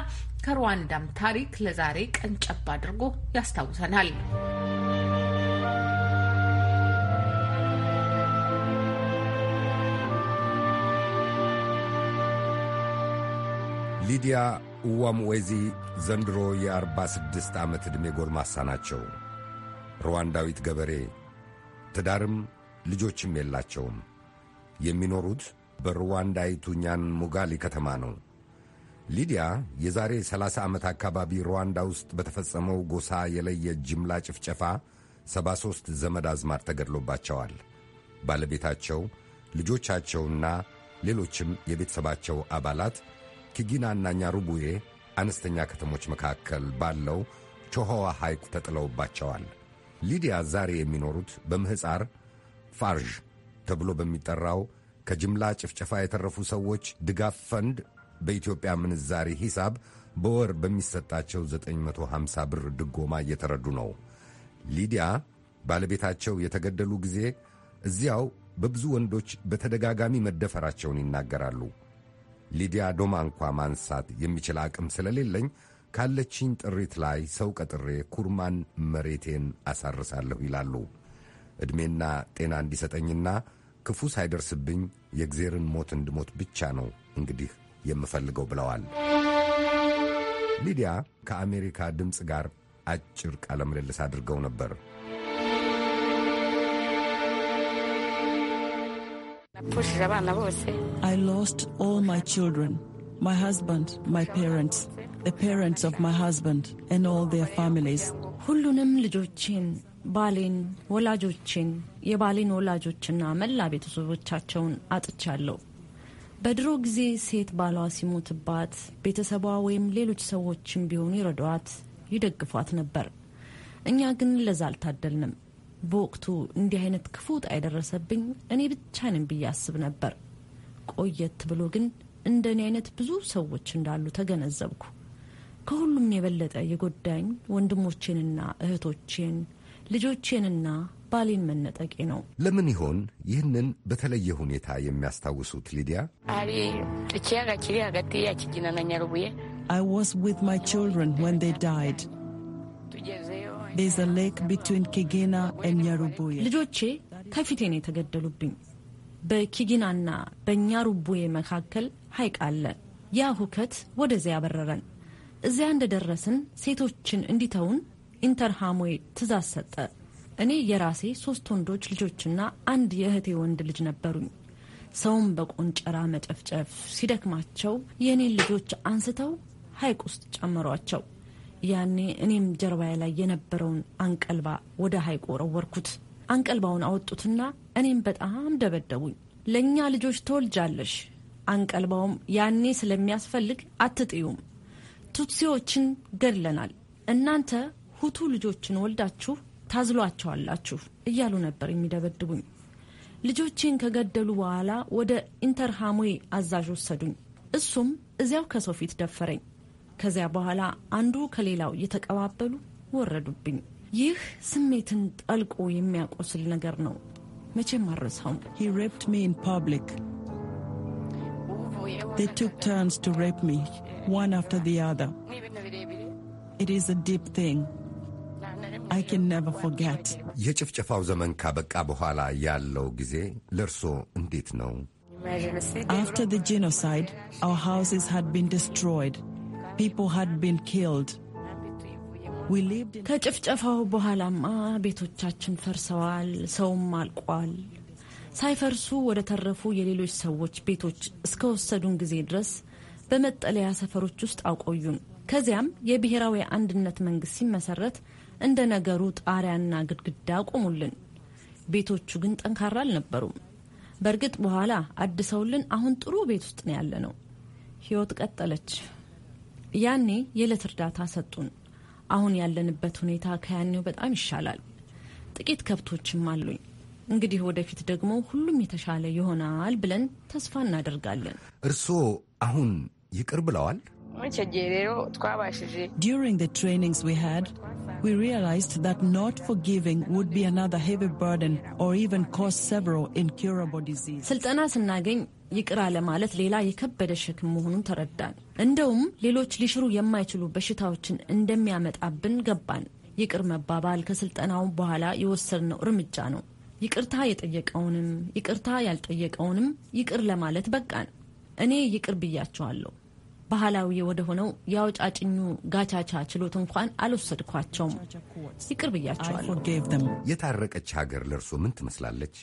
ከሩዋንዳም ታሪክ ለዛሬ ቀንጨብ አድርጎ ያስታውሰናል። ሊዲያ እዋምዌዚ ዘንድሮ የ46 ዓመት ዕድሜ ጎልማሳ ናቸው። ሩዋንዳዊት ገበሬ ትዳርም ልጆችም የላቸውም። የሚኖሩት በሩዋንዳይቱ ይቱኛን ሙጋሊ ከተማ ነው። ሊዲያ የዛሬ 30 ዓመት አካባቢ ሩዋንዳ ውስጥ በተፈጸመው ጎሳ የለየ ጅምላ ጭፍጨፋ 73 ዘመድ አዝማድ ተገድሎባቸዋል። ባለቤታቸው፣ ልጆቻቸውና ሌሎችም የቤተሰባቸው አባላት ኪጊናና ኛሩቡዬ አነስተኛ ከተሞች መካከል ባለው ቾሆዋ ሐይቅ ተጥለውባቸዋል። ሊዲያ ዛሬ የሚኖሩት በምሕፃር ፋርዥ ተብሎ በሚጠራው ከጅምላ ጭፍጨፋ የተረፉ ሰዎች ድጋፍ ፈንድ በኢትዮጵያ ምንዛሪ ሂሳብ በወር በሚሰጣቸው 950 ብር ድጎማ እየተረዱ ነው። ሊዲያ ባለቤታቸው የተገደሉ ጊዜ እዚያው በብዙ ወንዶች በተደጋጋሚ መደፈራቸውን ይናገራሉ። ሊዲያ ዶማ እንኳ ማንሳት የሚችል አቅም ስለሌለኝ ካለችኝ ጥሪት ላይ ሰው ቀጥሬ ኩርማን መሬቴን አሳርሳለሁ ይላሉ። ዕድሜና ጤና እንዲሰጠኝና ክፉ ሳይደርስብኝ የእግዜርን ሞት እንድሞት ብቻ ነው እንግዲህ የምፈልገው ብለዋል። ሊዲያ ከአሜሪካ ድምፅ ጋር አጭር ቃለ ምልልስ አድርገው ነበር። I lost all my children, my husband, my parents, the parents of my husband, and all their families. ሁሉንም ልጆቼን ባሌን፣ ወላጆችን የባሌን ወላጆችና መላ ቤተሰቦቻቸውን አጥቻለሁ። በድሮ ጊዜ ሴት ባሏ ሲሞትባት ቤተሰቧ ወይም ሌሎች ሰዎችም ቢሆኑ ይረዷት፣ ይደግፏት ነበር። እኛ ግን ለዛ አልታደልንም። በወቅቱ እንዲህ አይነት ክፉ ዕጣ የደረሰብኝ እኔ ብቻ ነኝ ብዬ አስብ ነበር። ቆየት ብሎ ግን እንደ እኔ አይነት ብዙ ሰዎች እንዳሉ ተገነዘብኩ። ከሁሉም የበለጠ የጎዳኝ ወንድሞቼንና እህቶቼን ልጆቼንና ባሌን መነጠቄ ነው። ለምን ይሆን ይህንን በተለየ ሁኔታ የሚያስታውሱት? ሊዲያ I was with my children when they died. There's a lake between Kigina and Nyarubuye. ልጆቼ ከፊቴ ነው የተገደሉብኝ። በኪጊናና በኛሩቡዬ መካከል ሐይቅ አለ። ያ ሁከት ወደዚያ ያበረረን። እዚያ እንደደረስን ሴቶችን እንዲተውን ኢንተር ሃምዌ ትእዛዝ ሰጠ። እኔ የራሴ ሶስት ወንዶች ልጆችና አንድ የእህቴ ወንድ ልጅ ነበሩኝ። ሰውን በቆንጨራ መጨፍጨፍ ሲደክማቸው የእኔን ልጆች አንስተው ሐይቅ ውስጥ ጨመሯቸው። ያኔ እኔም ጀርባዬ ላይ የነበረውን አንቀልባ ወደ ሐይቁ ወረወርኩት። አንቀልባውን አወጡትና እኔም በጣም ደበደቡኝ። ለእኛ ልጆች ትወልጃለሽ፣ አንቀልባውም ያኔ ስለሚያስፈልግ አትጥዩም፣ ቱትሲዎችን ገድለናል፣ እናንተ ሁቱ ልጆችን ወልዳችሁ ታዝሏቸዋላችሁ እያሉ ነበር የሚደበድቡኝ። ልጆቼን ከገደሉ በኋላ ወደ ኢንተርሃሙይ አዛዥ ወሰዱኝ። እሱም እዚያው ከሰው ፊት ደፈረኝ። ከዚያ በኋላ አንዱ ከሌላው እየተቀባበሉ ወረዱብኝ። ይህ ስሜትን ጠልቆ የሚያቆስል ነገር ነው። መቼም አረሳውም። ሚ የጭፍጨፋው ዘመን ካበቃ በኋላ ያለው ጊዜ ለእርሶ እንዴት ነው? ከጭፍጨፋው በኋላማ ቤቶቻችን ፈርሰዋል፣ ሰውም አልቋል። ሳይፈርሱ ወደ ተረፉ የሌሎች ሰዎች ቤቶች እስከወሰዱን ጊዜ ድረስ በመጠለያ ሰፈሮች ውስጥ አቆዩን። ከዚያም የብሔራዊ አንድነት መንግስት ሲመሰረት እንደ ነገሩ ጣሪያና ግድግዳ ቆሙልን። ቤቶቹ ግን ጠንካራ አልነበሩም። በእርግጥ በኋላ አድሰውልን አሁን ጥሩ ቤት ውስጥ ነው ያለ ነው። ህይወት ቀጠለች። ያኔ የዕለት እርዳታ ሰጡን። አሁን ያለንበት ሁኔታ ከያኔው በጣም ይሻላል። ጥቂት ከብቶችም አሉኝ። እንግዲህ ወደፊት ደግሞ ሁሉም የተሻለ ይሆናል ብለን ተስፋ እናደርጋለን። እርስዎ አሁን ይቅር ብለዋል? we realized that not forgiving would be another heavy burden or even cause several incurable diseases. ስልጠና ስናገኝ ይቅር አለማለት ሌላ የከበደ ሸክም መሆኑን ተረዳን። እንደውም ሌሎች ሊሽሩ የማይችሉ በሽታዎችን እንደሚያመጣብን ገባን። ይቅር መባባል ከስልጠናው በኋላ የወሰድነው እርምጃ ነው። ይቅርታ የጠየቀውንም ይቅርታ ያልጠየቀውንም ይቅር ለማለት በቃን። እኔ ይቅር ብያቸዋለሁ። ባህላዊ ወደ ሆነው የአውጫጭኙ ጋቻቻ ችሎት እንኳን አልወሰድኳቸውም። ይቅር ብያቸዋለሁ። የታረቀች ሀገር ለእርሶ ምን ትመስላለች?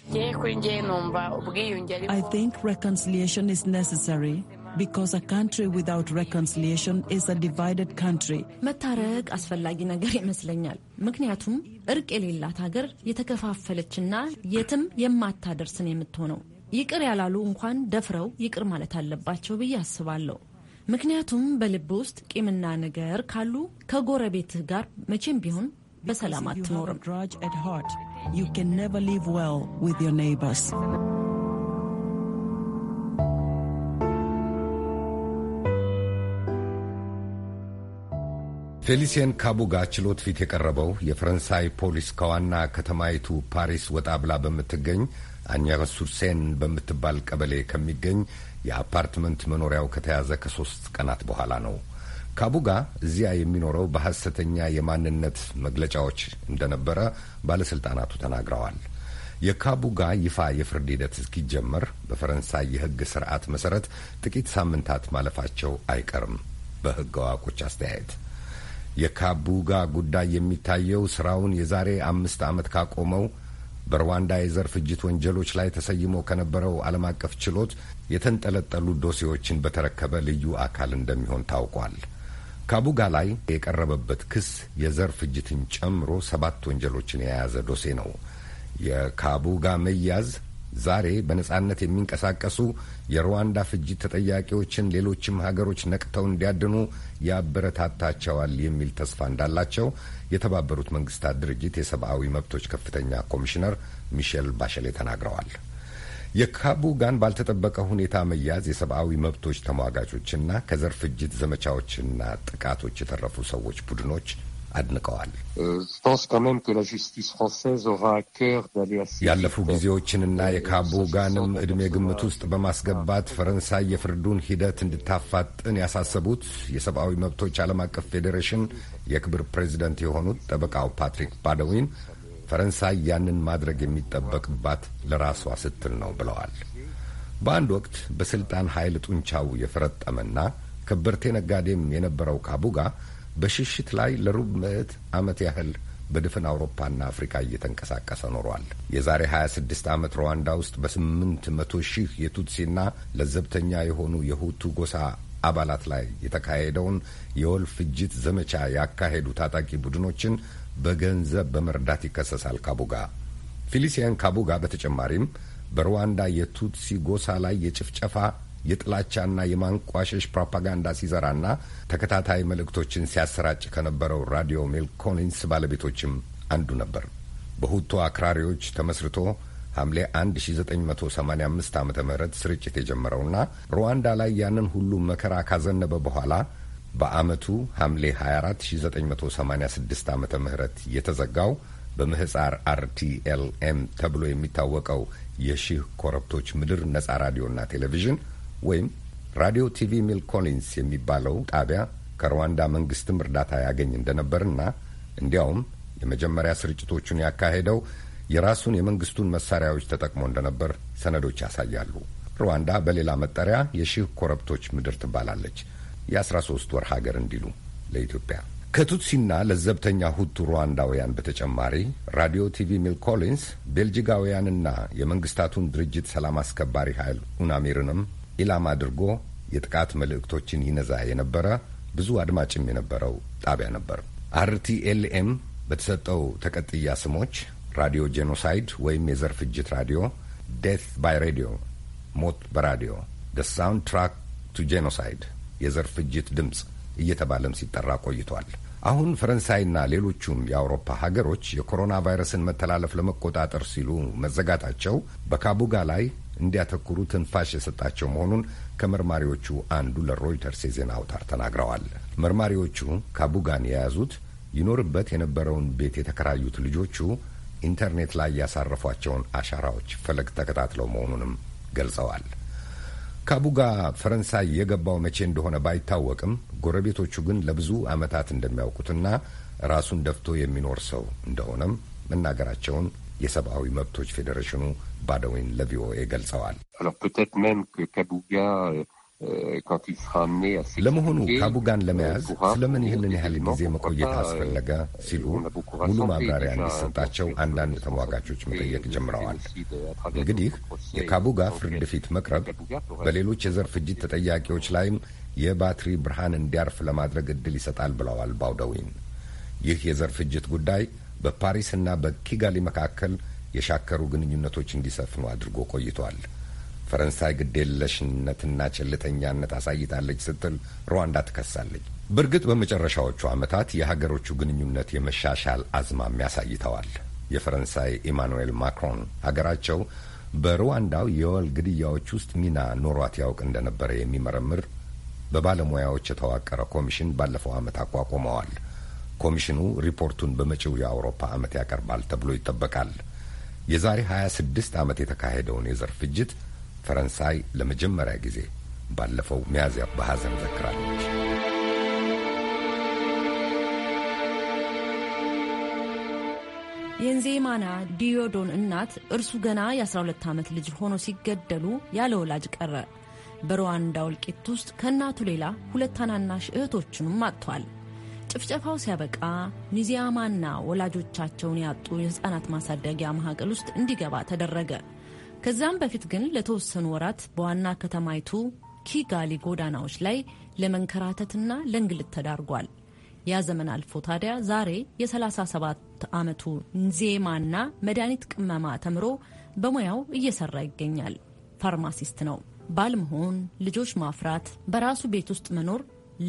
መታረቅ አስፈላጊ ነገር ይመስለኛል። ምክንያቱም እርቅ የሌላት ሀገር የተከፋፈለችና የትም የማታደርስን የምትሆነው። ይቅር ያላሉ እንኳን ደፍረው ይቅር ማለት አለባቸው ብዬ አስባለሁ። ምክንያቱም በልብ ውስጥ ቂምና ነገር ካሉ ከጎረቤትህ ጋር መቼም ቢሆን በሰላም አትኖርም። ፌሊሲየን ካቡጋ ችሎት ፊት የቀረበው የፈረንሳይ ፖሊስ ከዋና ከተማይቱ ፓሪስ ወጣ ብላ በምትገኝ አኛረሱሴን በምትባል ቀበሌ ከሚገኝ የአፓርትመንት መኖሪያው ከተያዘ ከሶስት ቀናት በኋላ ነው። ካቡጋ እዚያ የሚኖረው በሐሰተኛ የማንነት መግለጫዎች እንደነበረ ባለሥልጣናቱ ተናግረዋል። የካቡጋ ይፋ የፍርድ ሂደት እስኪጀመር በፈረንሳይ የሕግ ስርዓት መሠረት ጥቂት ሳምንታት ማለፋቸው አይቀርም። በሕግ አዋቆች አስተያየት የካቡጋ ጉዳይ የሚታየው ስራውን የዛሬ አምስት ዓመት ካቆመው በሩዋንዳ የዘር ፍጅት ወንጀሎች ላይ ተሰይሞ ከነበረው ዓለም አቀፍ ችሎት የተንጠለጠሉ ዶሴዎችን በተረከበ ልዩ አካል እንደሚሆን ታውቋል። ካቡጋ ላይ የቀረበበት ክስ የዘር ፍጅትን ጨምሮ ሰባት ወንጀሎችን የያዘ ዶሴ ነው። የካቡጋ መያዝ ዛሬ በነጻነት የሚንቀሳቀሱ የሩዋንዳ ፍጅት ተጠያቂዎችን ሌሎችም ሀገሮች ነቅተው እንዲያድኑ ያበረታታቸዋል የሚል ተስፋ እንዳላቸው የተባበሩት መንግስታት ድርጅት የሰብአዊ መብቶች ከፍተኛ ኮሚሽነር ሚሼል ባሸሌ ተናግረዋል። የካቡጋን ባልተጠበቀ ሁኔታ መያዝ የሰብአዊ መብቶች ተሟጋቾችና ከዘር ፍጅት ዘመቻዎችና ጥቃቶች የተረፉ ሰዎች ቡድኖች አድንቀዋል። ያለፉ ጊዜዎችንና የካቦጋንም ዕድሜ ግምት ውስጥ በማስገባት ፈረንሳይ የፍርዱን ሂደት እንድታፋጥን ያሳሰቡት የሰብአዊ መብቶች ዓለም አቀፍ ፌዴሬሽን የክብር ፕሬዚደንት የሆኑት ጠበቃው ፓትሪክ ባደዊን ፈረንሳይ ያንን ማድረግ የሚጠበቅባት ለራሷ ስትል ነው ብለዋል። በአንድ ወቅት በስልጣን ኃይል ጡንቻው የፈረጠመና ከበርቴ ነጋዴም የነበረው ካቡጋ በሽሽት ላይ ለሩብ ምዕት ዓመት ያህል በድፍን አውሮፓና አፍሪካ እየተንቀሳቀሰ ኖሯል። የዛሬ 26 ዓመት ሩዋንዳ ውስጥ በስምንት መቶ ሺህ የቱትሲና ለዘብተኛ የሆኑ የሁቱ ጎሳ አባላት ላይ የተካሄደውን የወል ፍጅት ዘመቻ ያካሄዱ ታጣቂ ቡድኖችን በገንዘብ በመርዳት ይከሰሳል። ካቡጋ ፊሊሲያን ካቡጋ በተጨማሪም በሩዋንዳ የቱትሲ ጎሳ ላይ የጭፍጨፋ የጥላቻና የማንቋሸሽ ፕሮፓጋንዳ ሲዘራና ተከታታይ መልእክቶችን ሲያሰራጭ ከነበረው ራዲዮ ሜል ኮሊንስ ባለቤቶችም አንዱ ነበር። በሁቶ አክራሪዎች ተመስርቶ ሐምሌ 1985 ዓ ም ስርጭት የጀመረውና ሩዋንዳ ላይ ያንን ሁሉ መከራ ካዘነበ በኋላ በአመቱ ሐምሌ 24 1986 ዓ ም የተዘጋው በምህፃር አርቲኤልኤም ተብሎ የሚታወቀው የሺህ ኮረብቶች ምድር ነጻ ራዲዮና ቴሌቪዥን ወይም ራዲዮ ቲቪ ሚል ኮሊንስ የሚባለው ጣቢያ ከሩዋንዳ መንግስትም እርዳታ ያገኝ እንደነበርና እንዲያውም የመጀመሪያ ስርጭቶቹን ያካሄደው የራሱን የመንግስቱን መሳሪያዎች ተጠቅሞ እንደነበር ሰነዶች ያሳያሉ። ሩዋንዳ በሌላ መጠሪያ የሺህ ኮረብቶች ምድር ትባላለች። የአስራ ሶስት ወር ሀገር እንዲሉ ለኢትዮጵያ ከቱትሲና ለዘብተኛ ሁቱ ሩዋንዳውያን በተጨማሪ ራዲዮ ቲቪ ሚል ኮሊንስ ቤልጂጋውያንና የመንግስታቱን ድርጅት ሰላም አስከባሪ ኃይል ኡናሚርንም ኢላማ አድርጎ የጥቃት መልእክቶችን ይነዛ የነበረ ብዙ አድማጭም የነበረው ጣቢያ ነበር። አርቲኤልኤም በተሰጠው ተቀጥያ ስሞች ራዲዮ ጄኖሳይድ ወይም የዘር ፍጅት ራዲዮ፣ ዴት ባይ ሬዲዮ ሞት በራዲዮ ደ ሳውንድ ትራክ ቱ ጄኖሳይድ የዘር ፍጅት ድምፅ እየተባለም ሲጠራ ቆይቷል። አሁን ፈረንሳይና ሌሎቹም የአውሮፓ ሀገሮች የኮሮና ቫይረስን መተላለፍ ለመቆጣጠር ሲሉ መዘጋታቸው በካቡጋ ላይ እንዲያተኩሩ ትንፋሽ የሰጣቸው መሆኑን ከመርማሪዎቹ አንዱ ለሮይተርስ የዜና አውታር ተናግረዋል። መርማሪዎቹ ካቡጋን የያዙት ይኖርበት የነበረውን ቤት የተከራዩት ልጆቹ ኢንተርኔት ላይ ያሳረፏቸውን አሻራዎች ፈለግ ተከታትለው መሆኑንም ገልጸዋል። ካቡጋ ፈረንሳይ የገባው መቼ እንደሆነ ባይታወቅም ጎረቤቶቹ ግን ለብዙ ዓመታት እንደሚያውቁትና ራሱን ደፍቶ የሚኖር ሰው እንደሆነም መናገራቸውን የሰብአዊ መብቶች ፌዴሬሽኑ ባደዊን ለቪኦኤ ገልጸዋል። euh, ለመሆኑ ካቡጋን euh, ለመያዝ ስለምን ይህንን ያህል ጊዜ መቆየት አስፈለገ? Euh, ሲሉ ሙሉ ማብራሪያ እንዲሰጣቸው አንዳንድ ተሟጋቾች መጠየቅ ጀምረዋል። እንግዲህ የካቡጋ ፍርድ ፊት መቅረብ በሌሎች የዘር ፍጅት ተጠያቂዎች ላይም የባትሪ ብርሃን እንዲያርፍ ለማድረግ እድል ይሰጣል ብለዋል ባውደዊን። ይህ የዘር ፍጅት ጉዳይ በፓሪስ እና በኪጋሊ መካከል የሻከሩ ግንኙነቶች እንዲሰፍኑ አድርጎ ቆይቷል። ፈረንሳይ ግዴለሽነትና ቸልተኛነት አሳይታለች ስትል ሩዋንዳ ትከሳለች። በእርግጥ በመጨረሻዎቹ ዓመታት የሀገሮቹ ግንኙነት የመሻሻል አዝማሚያ አሳይተዋል። የፈረንሳይ ኢማኑኤል ማክሮን ሀገራቸው በሩዋንዳው የወል ግድያዎች ውስጥ ሚና ኖሯት ያውቅ እንደነበረ የሚመረምር በባለሙያዎች የተዋቀረ ኮሚሽን ባለፈው ዓመት አቋቁመዋል። ኮሚሽኑ ሪፖርቱን በመጪው የአውሮፓ ዓመት ያቀርባል ተብሎ ይጠበቃል። የዛሬ 26 ዓመት የተካሄደውን የዘር ፍጅት ፈረንሳይ ለመጀመሪያ ጊዜ ባለፈው ሚያዝያ በሐዘን ዘክራለች። የንዜማና ዲዮዶን እናት እርሱ ገና የ12 ዓመት ልጅ ሆኖ ሲገደሉ ያለ ወላጅ ቀረ። በሩዋንዳ እልቂት ውስጥ ከእናቱ ሌላ ሁለት ታናናሽ እህቶቹንም አጥቷል። ጭፍጨፋው ሲያበቃ ኒዚያማና ወላጆቻቸውን ያጡ የህፃናት ማሳደጊያ ማዕከል ውስጥ እንዲገባ ተደረገ። ከዚያም በፊት ግን ለተወሰኑ ወራት በዋና ከተማይቱ ኪጋሊ ጎዳናዎች ላይ ለመንከራተትና ለእንግልት ተዳርጓል። ያ ዘመን አልፎ ታዲያ ዛሬ የ37 ዓመቱ ንዜማና መድኃኒት ቅመማ ተምሮ በሙያው እየሰራ ይገኛል። ፋርማሲስት ነው። ባል መሆን፣ ልጆች ማፍራት፣ በራሱ ቤት ውስጥ መኖር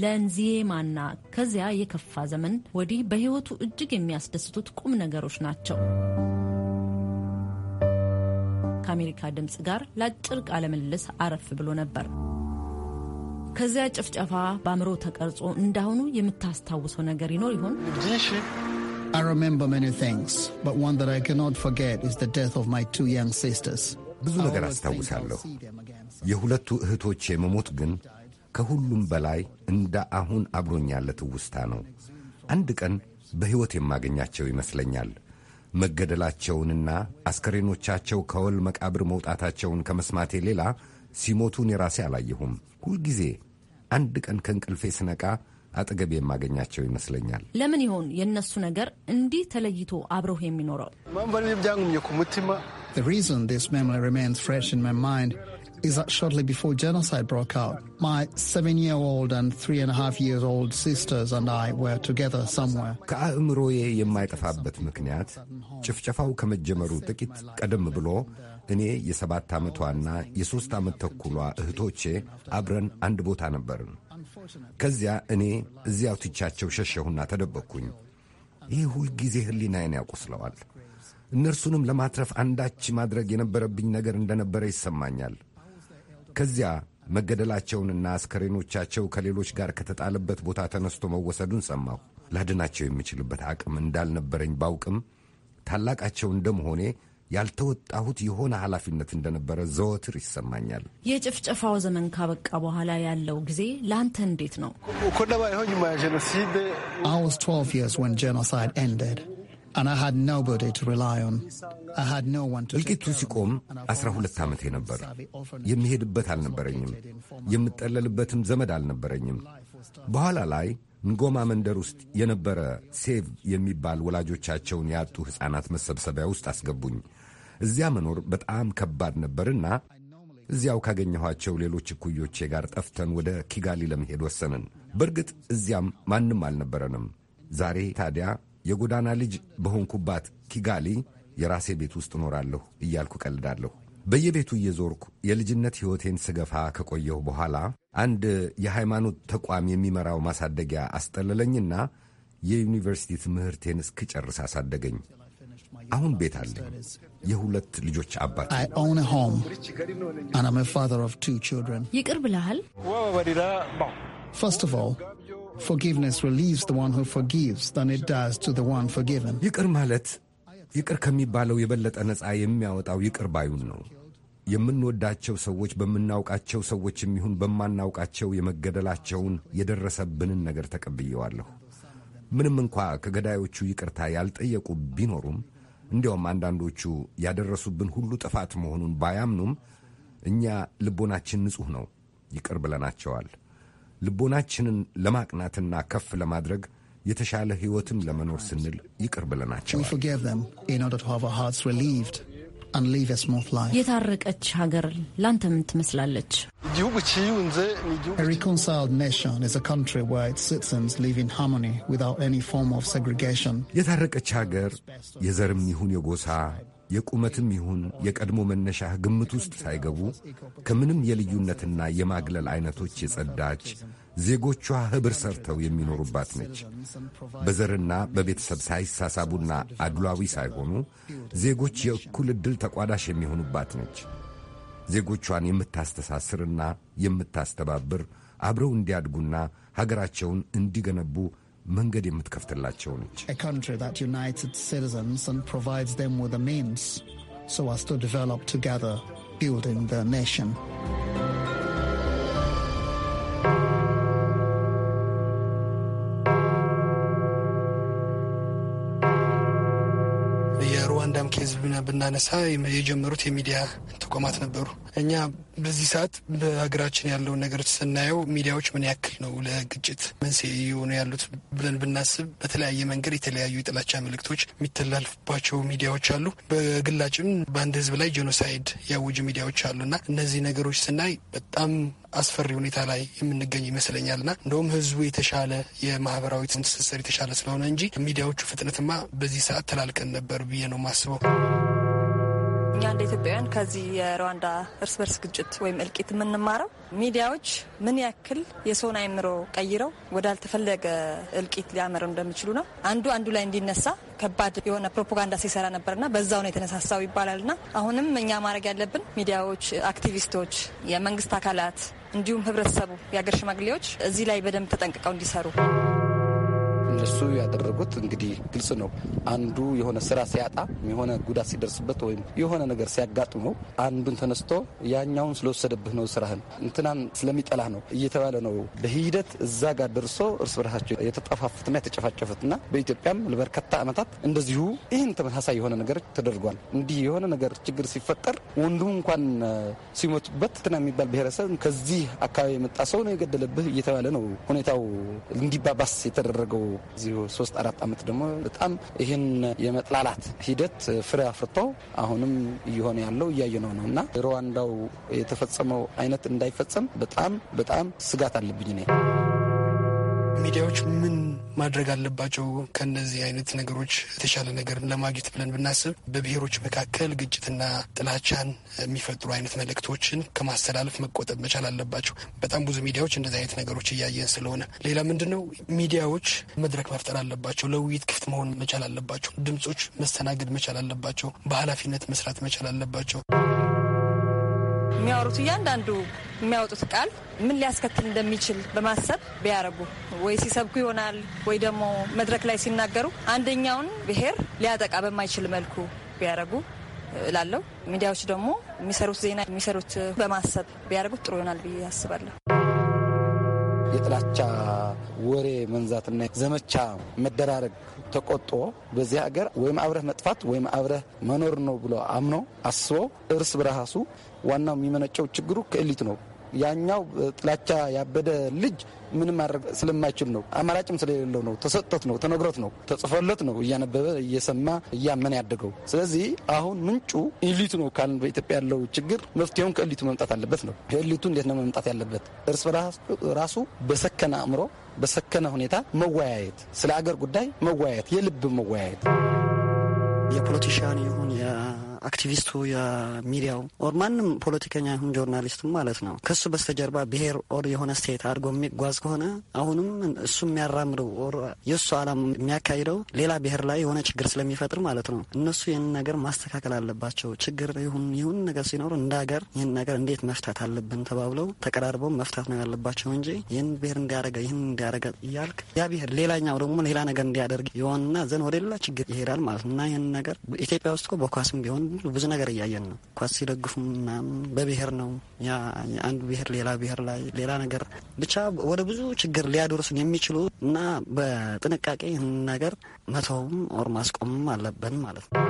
ለንዚዬማና ከዚያ የከፋ ዘመን ወዲህ በሕይወቱ እጅግ የሚያስደስቱት ቁም ነገሮች ናቸው። ከአሜሪካ ድምፅ ጋር ለአጭር ቃለ ምልልስ አረፍ ብሎ ነበር። ከዚያ ጭፍጨፋ በአእምሮ ተቀርጾ እንዳሁኑ የምታስታውሰው ነገር ይኖር ይሆን? I remember many things, but one that I cannot forget is the death of my two young sisters. ብዙ ነገር አስታውሳለሁ። የሁለቱ እህቶቼ መሞት ግን ከሁሉም በላይ እንደ አሁን አብሮኝ ያለ ትውስታ ነው። አንድ ቀን በሕይወት የማገኛቸው ይመስለኛል። መገደላቸውንና አስከሬኖቻቸው ከወል መቃብር መውጣታቸውን ከመስማቴ ሌላ ሲሞቱን የራሴ አላየሁም። ሁልጊዜ አንድ ቀን ከእንቅልፌ ስነቃ አጠገቤ የማገኛቸው ይመስለኛል። ለምን ይሆን የእነሱ ነገር እንዲህ ተለይቶ አብረው የሚኖረው? is that shortly before genocide broke out, my seven year old and three and a half years old sisters and I were together somewhere. ከአእምሮዬ የማይጠፋበት ምክንያት ጭፍጨፋው ከመጀመሩ ጥቂት ቀደም ብሎ እኔ የሰባት ዓመቷና የሦስት ዓመት ተኩሏ እህቶቼ አብረን አንድ ቦታ ነበርን። ከዚያ እኔ እዚያው ትቻቸው ሸሸሁና ተደበቅኩኝ። ይህ ሁልጊዜ ሕሊናዬን ያቆስለዋል። እነርሱንም ለማትረፍ አንዳች ማድረግ የነበረብኝ ነገር እንደነበረ ይሰማኛል። ከዚያ መገደላቸውንና አስከሬኖቻቸው ከሌሎች ጋር ከተጣለበት ቦታ ተነስቶ መወሰዱን ሰማሁ። ላድናቸው የምችልበት አቅም እንዳልነበረኝ ባውቅም ታላቃቸው እንደመሆኔ ያልተወጣሁት የሆነ ኃላፊነት እንደነበረ ዘወትር ይሰማኛል። የጭፍጨፋው ዘመን ካበቃ በኋላ ያለው ጊዜ ለአንተ እንዴት ነው? እልቂቱ ሲቆም ዐሥራ ሁለት ዓመቴ ነበር። የምሄድበት አልነበረኝም። የምጠለልበትም ዘመድ አልነበረኝም። በኋላ ላይ ንጎማ መንደር ውስጥ የነበረ ሴቭ የሚባል ወላጆቻቸውን ያጡ ሕፃናት መሰብሰቢያ ውስጥ አስገቡኝ። እዚያ መኖር በጣም ከባድ ነበርና እዚያው ካገኘኋቸው ሌሎች እኩዮቼ ጋር ጠፍተን ወደ ኪጋሊ ለመሄድ ወሰንን። በእርግጥ እዚያም ማንም አልነበረንም። ዛሬ ታዲያ የጎዳና ልጅ በሆንኩባት ኪጋሊ የራሴ ቤት ውስጥ እኖራለሁ እያልኩ ቀልዳለሁ። በየቤቱ እየዞርኩ የልጅነት ሕይወቴን ስገፋ ከቆየሁ በኋላ አንድ የሃይማኖት ተቋም የሚመራው ማሳደጊያ አስጠለለኝና የዩኒቨርሲቲ ትምህርቴን እስክጨርስ አሳደገኝ። አሁን ቤት አለኝ። የሁለት ልጆች አባት ይቅር ብለሃል። Forgiveness relieves the one who forgives than it does to the one forgiven. ይቅር ማለት ይቅር ከሚባለው የበለጠ ነፃ የሚያወጣው ይቅር ባዩን ነው። የምንወዳቸው ሰዎች በምናውቃቸው ሰዎች የሚሆን በማናውቃቸው የመገደላቸውን የደረሰብንን ነገር ተቀብየዋለሁ። ምንም እንኳ ከገዳዮቹ ይቅርታ ያልጠየቁ ቢኖሩም እንዲያውም አንዳንዶቹ ያደረሱብን ሁሉ ጥፋት መሆኑን ባያምኑም እኛ ልቦናችን ንጹሕ ነው፣ ይቅር ብለናቸዋል። ልቦናችንን ለማቅናትና ከፍ ለማድረግ የተሻለ ሕይወትን ለመኖር ስንል ይቅር ብለናቸዋል። የታረቀች ሀገር ላንተ ምን ትመስላለች? የታረቀች ሀገር የዘርም ይሁን የጎሳ የቁመትም ይሁን የቀድሞ መነሻ ግምት ውስጥ ሳይገቡ ከምንም የልዩነትና የማግለል አይነቶች የጸዳች ዜጎቿ ኅብር ሰርተው የሚኖሩባት ነች። በዘርና በቤተሰብ ሳይሳሳቡና አድሏዊ ሳይሆኑ ዜጎች የእኩል ዕድል ተቋዳሽ የሚሆኑባት ነች። ዜጎቿን የምታስተሳስርና የምታስተባብር አብረው እንዲያድጉና ሀገራቸውን እንዲገነቡ መንገድ የምትከፍትላቸው ነች። የሩዋንዳም ኬዝ ብናነሳ የጀመሩት የሚዲያ ተቋማት ነበሩ እኛ በዚህ ሰዓት በሀገራችን ያለውን ነገሮች ስናየው ሚዲያዎች ምን ያክል ነው ለግጭት መንስኤ የሆኑ ያሉት ብለን ብናስብ በተለያየ መንገድ የተለያዩ የጥላቻ ምልክቶች የሚተላልፉባቸው ሚዲያዎች አሉ። በግላጭም በአንድ ህዝብ ላይ ጄኖሳይድ ያውጅ ሚዲያዎች እና እነዚህ ነገሮች ስናይ በጣም አስፈሪ ሁኔታ ላይ የምንገኝ ና እንደውም ህዝቡ የተሻለ የማህበራዊ ትስስር የተሻለ ስለሆነ እንጂ ሚዲያዎቹ ፍጥነትማ በዚህ ሰዓት ተላልቀን ነበር ብዬ ነው ማስበው። እኛ እንደ ኢትዮጵያውያን ከዚህ የሩዋንዳ እርስ በርስ ግጭት ወይም እልቂት የምንማረው ሚዲያዎች ምን ያክል የሰውን አይምሮ ቀይረው ወዳልተፈለገ እልቂት ሊያመረው እንደሚችሉ ነው። አንዱ አንዱ ላይ እንዲነሳ ከባድ የሆነ ፕሮፓጋንዳ ሲሰራ ነበርና በዛው ነው የተነሳሳው ይባላልና አሁንም እኛ ማድረግ ያለብን ሚዲያዎች፣ አክቲቪስቶች፣ የመንግስት አካላት እንዲሁም ህብረተሰቡ፣ የአገር ሽማግሌዎች እዚህ ላይ በደንብ ተጠንቅቀው እንዲሰሩ እነሱ ያደረጉት እንግዲህ ግልጽ ነው። አንዱ የሆነ ስራ ሲያጣ የሆነ ጉዳት ሲደርስበት ወይም የሆነ ነገር ሲያጋጥመው አንዱን ተነስቶ ያኛውን ስለወሰደብህ ነው ስራህን እንትናን ስለሚጠላ ነው እየተባለ ነው በሂደት እዛ ጋር ደርሶ እርስ በርሳቸው የተጠፋፉትና የተጨፋጨፉትና በኢትዮጵያም ለበርካታ ዓመታት እንደዚሁ ይህን ተመሳሳይ የሆነ ነገር ተደርጓል። እንዲህ የሆነ ነገር ችግር ሲፈጠር ወንዱም እንኳን ሲሞቱበት ትና የሚባል ብሔረሰብ ከዚህ አካባቢ የመጣ ሰው ነው የገደለብህ እየተባለ ነው ሁኔታው እንዲባባስ የተደረገው እዚሁ ሶስት አራት ዓመት ደግሞ በጣም ይህን የመጥላላት ሂደት ፍሬ አፍርቶ አሁንም እየሆነ ያለው እያየነው ነው እና ሩዋንዳው የተፈጸመው አይነት እንዳይፈጸም በጣም በጣም ስጋት አለብኝ ነ ሚዲያዎች ምን ማድረግ አለባቸው። ከነዚህ አይነት ነገሮች የተሻለ ነገር ለማግኘት ብለን ብናስብ በብሔሮች መካከል ግጭትና ጥላቻን የሚፈጥሩ አይነት መልእክቶችን ከማስተላለፍ መቆጠብ መቻል አለባቸው። በጣም ብዙ ሚዲያዎች እንደዚህ አይነት ነገሮች እያየን ስለሆነ፣ ሌላ ምንድን ነው ሚዲያዎች መድረክ መፍጠር አለባቸው። ለውይይት ክፍት መሆን መቻል አለባቸው። ድምጾች መስተናገድ መቻል አለባቸው። በኃላፊነት መስራት መቻል አለባቸው። የሚያወሩት እያንዳንዱ የሚያወጡት ቃል ምን ሊያስከትል እንደሚችል በማሰብ ቢያረጉ ወይ ሲሰብኩ ይሆናል ወይ ደግሞ መድረክ ላይ ሲናገሩ አንደኛውን ብሔር ሊያጠቃ በማይችል መልኩ ቢያረጉ እላለሁ። ሚዲያዎች ደግሞ የሚሰሩት ዜና የሚሰሩት በማሰብ ቢያደርጉት ጥሩ ይሆናል ብዬ አስባለሁ። የጥላቻ ወሬ መንዛትና ዘመቻ መደራረግ ተቆጦ በዚህ ሀገር ወይም አብረህ መጥፋት ወይም አብረህ መኖር ነው ብሎ አምኖ አስቦ እርስ በራሱ ዋናው የሚመነጨው ችግሩ ከእሊት ነው። ያኛው ጥላቻ ያበደ ልጅ ምንም ማድረግ ስለማይችል ነው። አማራጭም ስለሌለው ነው። ተሰጥቶት ነው፣ ተነግሮት ነው፣ ተጽፎለት ነው እያነበበ እየሰማ እያመነ ያደገው። ስለዚህ አሁን ምንጩ ኢሊቱ ነው ካልን በኢትዮጵያ ያለው ችግር መፍትሄውን ከእሊቱ መምጣት አለበት ነው። ከኢሊቱ እንዴት ነው መምጣት ያለበት? እርስ ራሱ በሰከነ አእምሮ በሰከነ ሁኔታ መወያየት፣ ስለ አገር ጉዳይ መወያየት፣ የልብ መወያየት የፖለቲሽያን ይሁን አክቲቪስቱ፣ የሚዲያው ኦር ማንም ፖለቲከኛ ይሁን ጆርናሊስትም ማለት ነው ከሱ በስተጀርባ ብሔር ኦር የሆነ ስቴት አድርጎ የሚጓዝ ከሆነ አሁንም እሱ የሚያራምደው ኦር የእሱ አላማ የሚያካሂደው ሌላ ብሔር ላይ የሆነ ችግር ስለሚፈጥር ማለት ነው እነሱ ይህን ነገር ማስተካከል አለባቸው። ችግር ይሁን ይሁን ነገር ሲኖር እንደ ሀገር ይህን ነገር እንዴት መፍታት አለብን ተባብለው ተቀራርበው መፍታት ነው ያለባቸው እንጂ ይህን ብሄር እንዲያደረገ ይህን እንዲያደረገ እያልክ ያ ብሄር ሌላኛው ደግሞ ሌላ ነገር እንዲያደርግ የሆንና ዘን ወደ ሌላ ችግር ይሄዳል ማለት ነው እና ይህን ነገር ኢትዮጵያ ውስጥ በኳስም ቢሆን ብዙ ነገር እያየን ነው። ኳስ ሲደግፉ ምናምን በብሔር ነው አንድ ብሔር ሌላ ብሔር ላይ ሌላ ነገር ብቻ ወደ ብዙ ችግር ሊያደርሱን የሚችሉ እና በጥንቃቄ ይህን ነገር መተውም ኦር ማስቆምም አለብን ማለት ነው።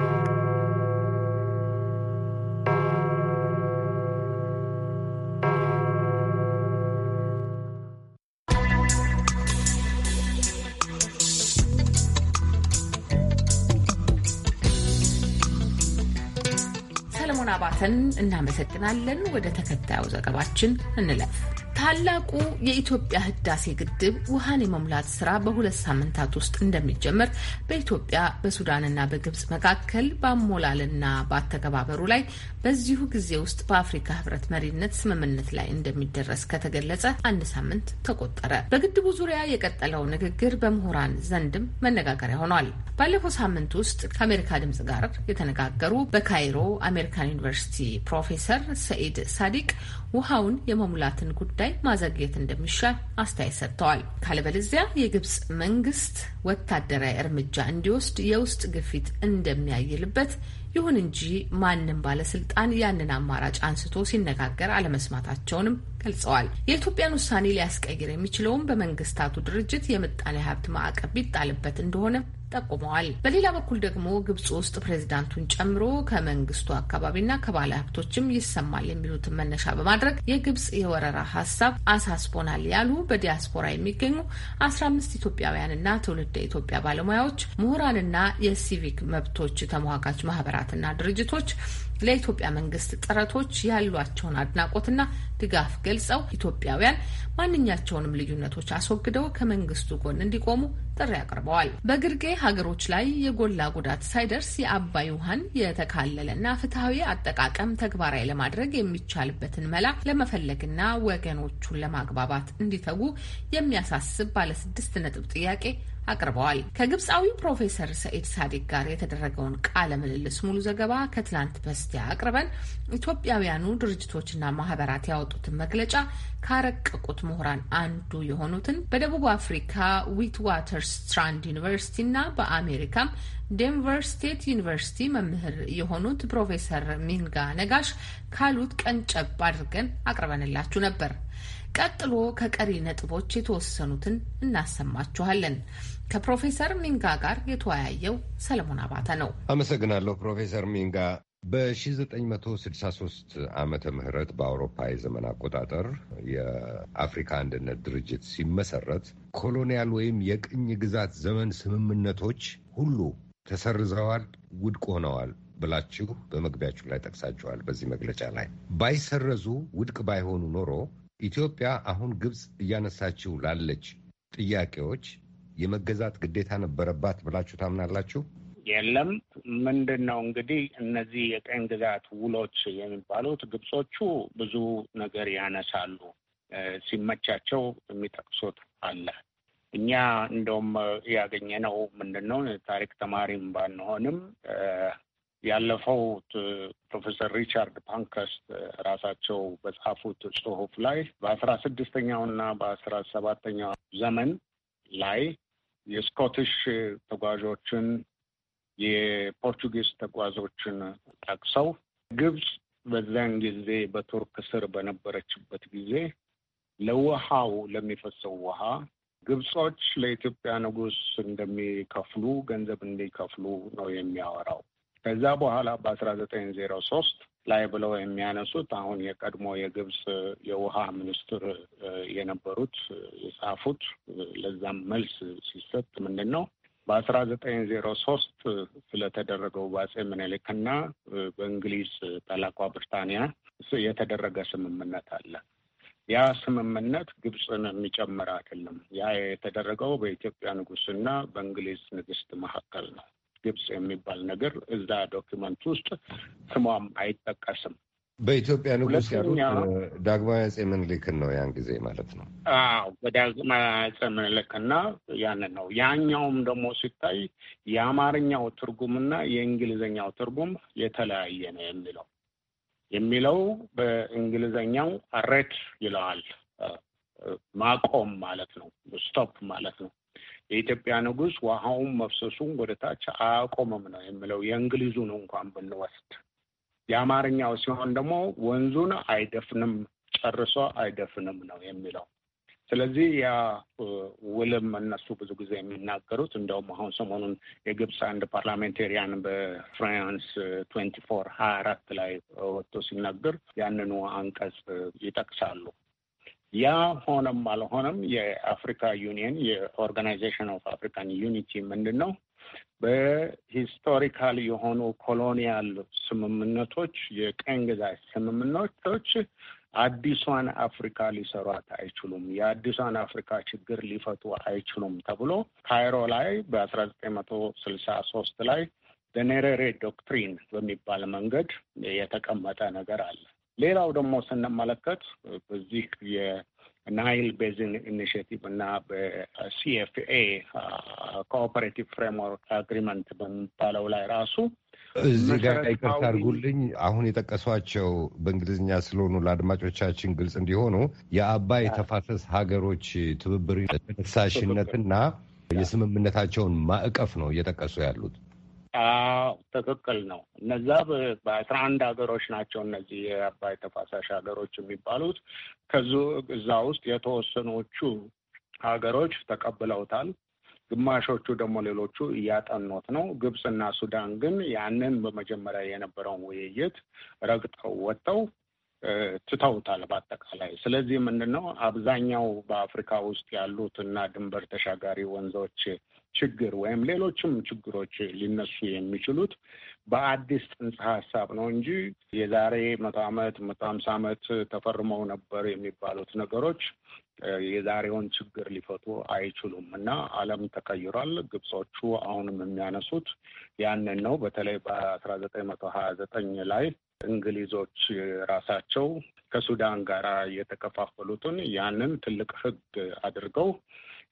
አድማሰን እናመሰግናለን። ወደ ተከታዩ ዘገባችን እንለፍ። ታላቁ የኢትዮጵያ ህዳሴ ግድብ ውሃን የመሙላት ስራ በሁለት ሳምንታት ውስጥ እንደሚጀምር በኢትዮጵያ በሱዳንና በግብጽ መካከል በአሞላልና በአተገባበሩ ላይ በዚሁ ጊዜ ውስጥ በአፍሪካ ህብረት መሪነት ስምምነት ላይ እንደሚደረስ ከተገለጸ አንድ ሳምንት ተቆጠረ። በግድቡ ዙሪያ የቀጠለው ንግግር በምሁራን ዘንድም መነጋገሪያ ሆኗል። ባለፈው ሳምንት ውስጥ ከአሜሪካ ድምጽ ጋር የተነጋገሩ በካይሮ አሜሪካን ዩኒቨርሲቲ ፕሮፌሰር ሰኢድ ሳዲቅ ውሃውን የመሙላትን ጉዳይ ማዘግየት እንደሚሻል አስተያየት ሰጥተዋል። ካለበለዚያ የግብጽ መንግስት ወታደራዊ እርምጃ እንዲወስድ የውስጥ ግፊት እንደሚያይልበት ይሁን እንጂ ማንም ባለስልጣን ያንን አማራጭ አንስቶ ሲነጋገር አለመስማታቸውንም ገልጸዋል። የኢትዮጵያን ውሳኔ ሊያስቀይር የሚችለውም በመንግስታቱ ድርጅት የምጣኔ ሀብት ማዕቀብ ቢጣልበት እንደሆነ ጠቁመዋል። በሌላ በኩል ደግሞ ግብጽ ውስጥ ፕሬዚዳንቱን ጨምሮ ከመንግስቱ አካባቢና ከባለ ሀብቶችም ይሰማል የሚሉትን መነሻ በማድረግ የግብጽ የወረራ ሀሳብ አሳስቦናል ያሉ በዲያስፖራ የሚገኙ አስራ አምስት ኢትዮጵያውያንና ትውልደ ኢትዮጵያ ባለሙያዎች፣ ምሁራንና የሲቪክ መብቶች ተሟጋች ማህበራትና ድርጅቶች ለኢትዮጵያ መንግስት ጥረቶች ያሏቸውን አድናቆትና ድጋፍ ገልጸው ኢትዮጵያውያን ማንኛቸውንም ልዩነቶች አስወግደው ከመንግስቱ ጎን እንዲቆሙ ጥሪ አቅርበዋል። በግርጌ ሀገሮች ላይ የጎላ ጉዳት ሳይደርስ የአባይ ውሃን የተካለለና ፍትሐዊ አጠቃቀም ተግባራዊ ለማድረግ የሚቻልበትን መላ ለመፈለግና ወገኖቹን ለማግባባት እንዲተጉ የሚያሳስብ ባለስድስት ነጥብ ጥያቄ አቅርበዋል። ከግብፃዊው ፕሮፌሰር ሰኢድ ሳዲቅ ጋር የተደረገውን ቃለ ምልልስ ሙሉ ዘገባ ከትላንት በስቲያ አቅርበን ኢትዮጵያውያኑ ድርጅቶችና ማህበራት ያወጡትን መግለጫ ካረቀቁት ምሁራን አንዱ የሆኑትን በደቡብ አፍሪካ ዊት ዋተር ስትራንድ ዩኒቨርሲቲና በአሜሪካም ዴንቨር ስቴት ዩኒቨርሲቲ መምህር የሆኑት ፕሮፌሰር ሚንጋ ነጋሽ ካሉት ቀንጨብ አድርገን አቅርበንላችሁ ነበር። ቀጥሎ ከቀሪ ነጥቦች የተወሰኑትን እናሰማችኋለን። ከፕሮፌሰር ሚንጋ ጋር የተወያየው ሰለሞን አባተ ነው። አመሰግናለሁ ፕሮፌሰር ሚንጋ። በ1963 ዓመተ ምህረት በአውሮፓ የዘመን አቆጣጠር የአፍሪካ አንድነት ድርጅት ሲመሰረት ኮሎኒያል ወይም የቅኝ ግዛት ዘመን ስምምነቶች ሁሉ ተሰርዘዋል፣ ውድቅ ሆነዋል ብላችሁ በመግቢያችሁ ላይ ጠቅሳችኋል። በዚህ መግለጫ ላይ ባይሰረዙ ውድቅ ባይሆኑ ኖሮ ኢትዮጵያ አሁን ግብፅ እያነሳችው ላለች ጥያቄዎች የመገዛት ግዴታ ነበረባት ብላችሁ ታምናላችሁ? የለም። ምንድን ነው እንግዲህ እነዚህ የቀኝ ግዛት ውሎች የሚባሉት ግብጾቹ ብዙ ነገር ያነሳሉ፣ ሲመቻቸው የሚጠቅሱት አለ። እኛ እንደውም ያገኘነው ምንድን ነው ታሪክ ተማሪም ባንሆንም ያለፈው ፕሮፌሰር ሪቻርድ ፓንከስት ራሳቸው በጻፉት ጽሁፍ ላይ በአስራ ስድስተኛው እና በአስራ ሰባተኛው ዘመን ላይ የስኮቲሽ ተጓዦችን የፖርቹጊዝ ተጓዦችን ጠቅሰው ግብጽ በዛን ጊዜ በቱርክ ስር በነበረችበት ጊዜ ለውሃው ለሚፈሰው ውሃ ግብጾች ለኢትዮጵያ ንጉስ እንደሚከፍሉ ገንዘብ እንዲከፍሉ ነው የሚያወራው። ከዛ በኋላ በአስራ ዘጠኝ ዜሮ ሶስት ላይ ብለው የሚያነሱት አሁን የቀድሞ የግብፅ የውሃ ሚኒስትር የነበሩት የጻፉት ለዛም መልስ ሲሰጥ ምንድን ነው በአስራ ዘጠኝ ዜሮ ሶስት ስለተደረገው በአፄ ምኒልክ ና በእንግሊዝ ጠላቋ ብሪታንያ የተደረገ ስምምነት አለ። ያ ስምምነት ግብፅን የሚጨምር አይደለም። ያ የተደረገው በኢትዮጵያ ንጉስና በእንግሊዝ ንግስት መካከል ነው። ግብጽ የሚባል ነገር እዛ ዶኪመንት ውስጥ ስሟም አይጠቀስም። በኢትዮጵያ ንጉስ ያሉት ዳግማዊ አፄ ምኒልክን ነው ያን ጊዜ ማለት ነው። አዎ በዳግማዊ አፄ ምኒልክና ያንን ነው። ያኛውም ደግሞ ሲታይ የአማርኛው ትርጉምና የእንግሊዝኛው ትርጉም የተለያየ ነው የሚለው የሚለው በእንግሊዝኛው አሬት ይለዋል። ማቆም ማለት ነው። ስቶፕ ማለት ነው። የኢትዮጵያ ንጉስ ውሃውን መፍሰሱን ወደታች አያቆምም ነው የሚለው። የእንግሊዙን እንኳን ብንወስድ የአማርኛው ሲሆን ደግሞ ወንዙን አይደፍንም ጨርሶ አይደፍንም ነው የሚለው። ስለዚህ ያ ውልም እነሱ ብዙ ጊዜ የሚናገሩት እንደውም አሁን ሰሞኑን የግብፅ አንድ ፓርላሜንቴሪያን በፍራንስ ትዌንቲ ፎር ሀያ አራት ላይ ወጥቶ ሲናገር ያንኑ አንቀጽ ይጠቅሳሉ። ያ ሆነም አልሆነም የአፍሪካ ዩኒየን የኦርጋናይዜሽን ኦፍ አፍሪካን ዩኒቲ ምንድን ነው? በሂስቶሪካል የሆኑ ኮሎኒያል ስምምነቶች፣ የቀኝ ግዛት ስምምነቶች አዲሷን አፍሪካ ሊሰሯት አይችሉም፣ የአዲሷን አፍሪካ ችግር ሊፈቱ አይችሉም ተብሎ ካይሮ ላይ በአስራ ዘጠኝ መቶ ስልሳ ሶስት ላይ ደኔሬሬ ዶክትሪን በሚባል መንገድ የተቀመጠ ነገር አለ። ሌላው ደግሞ ስንመለከት በዚህ የናይል ቤዝን ኢኒሽቲቭ እና በሲኤፍኤ ኮኦፐሬቲቭ ፍሬምወርክ አግሪመንት በሚባለው ላይ ራሱ እዚህ ጋር ይቅርታ አድርጉልኝ። አሁን የጠቀሷቸው በእንግሊዝኛ ስለሆኑ ለአድማጮቻችን ግልጽ እንዲሆኑ የአባይ ተፋሰስ ሀገሮች ትብብር ተነሳሽነትና የስምምነታቸውን ማዕቀፍ ነው እየጠቀሱ ያሉት። ትክክል ነው። እነዛ በአስራ አንድ ሀገሮች ናቸው እነዚህ የአባይ ተፋሳሽ ሀገሮች የሚባሉት ከዙ እዛ ውስጥ የተወሰኖቹ ሀገሮች ተቀብለውታል። ግማሾቹ ደግሞ ሌሎቹ እያጠኑት ነው። ግብፅና ሱዳን ግን ያንን በመጀመሪያ የነበረውን ውይይት ረግጠው ወጥተው ትተውታል በአጠቃላይ። ስለዚህ ምንድን ነው አብዛኛው በአፍሪካ ውስጥ ያሉት እና ድንበር ተሻጋሪ ወንዞች ችግር ወይም ሌሎችም ችግሮች ሊነሱ የሚችሉት በአዲስ ጽንሰ ሀሳብ ነው እንጂ የዛሬ መቶ ዓመት መቶ ሀምሳ ዓመት ተፈርመው ነበር የሚባሉት ነገሮች የዛሬውን ችግር ሊፈቱ አይችሉም እና ዓለም ተቀይሯል። ግብጾቹ አሁንም የሚያነሱት ያንን ነው። በተለይ በአስራ ዘጠኝ መቶ ሀያ ዘጠኝ ላይ እንግሊዞች ራሳቸው ከሱዳን ጋር የተከፋፈሉትን ያንን ትልቅ ህግ አድርገው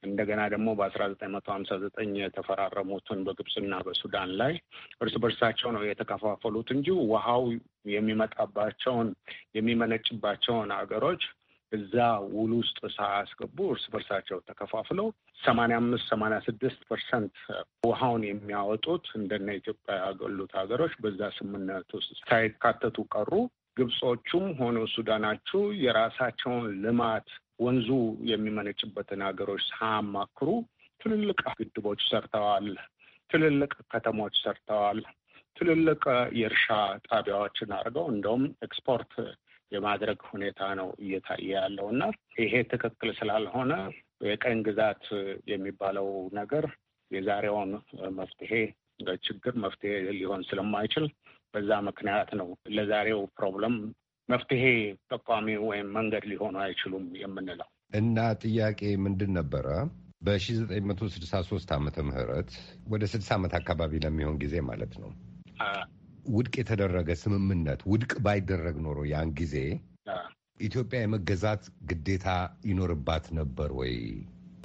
እንደገና ደግሞ በአስራ ዘጠኝ መቶ ሀምሳ ዘጠኝ የተፈራረሙትን በግብፅና በሱዳን ላይ እርስ በርሳቸው ነው የተከፋፈሉት እንጂ ውሃው የሚመጣባቸውን የሚመነጭባቸውን ሀገሮች እዛ ውል ውስጥ ሳያስገቡ እርስ በርሳቸው ተከፋፍለው ሰማንያ አምስት ሰማንያ ስድስት ፐርሰንት ውሃውን የሚያወጡት እንደነ ኢትዮጵያ ያገሉት ሀገሮች በዛ ስምምነት ውስጥ ሳይካተቱ ቀሩ። ግብጾቹም ሆኖ ሱዳናቹ የራሳቸውን ልማት ወንዙ የሚመነጭበትን ሀገሮች ሳያማክሩ ትልልቅ ግድቦች ሰርተዋል። ትልልቅ ከተሞች ሰርተዋል። ትልልቅ የእርሻ ጣቢያዎችን አድርገው እንደውም ኤክስፖርት የማድረግ ሁኔታ ነው እየታየ ያለው እና ይሄ ትክክል ስላልሆነ የቀኝ ግዛት የሚባለው ነገር የዛሬውን መፍትሄ ችግር መፍትሄ ሊሆን ስለማይችል በዛ ምክንያት ነው ለዛሬው ፕሮብለም መፍትሄ ጠቋሚ ወይም መንገድ ሊሆኑ አይችሉም የምንለው እና ጥያቄ ምንድን ነበረ? በ1963 ዓመተ ምህረት ወደ 60 ዓመት አካባቢ ለሚሆን ጊዜ ማለት ነው ውድቅ የተደረገ ስምምነት ውድቅ ባይደረግ ኖሮ ያን ጊዜ ኢትዮጵያ የመገዛት ግዴታ ይኖርባት ነበር ወይ?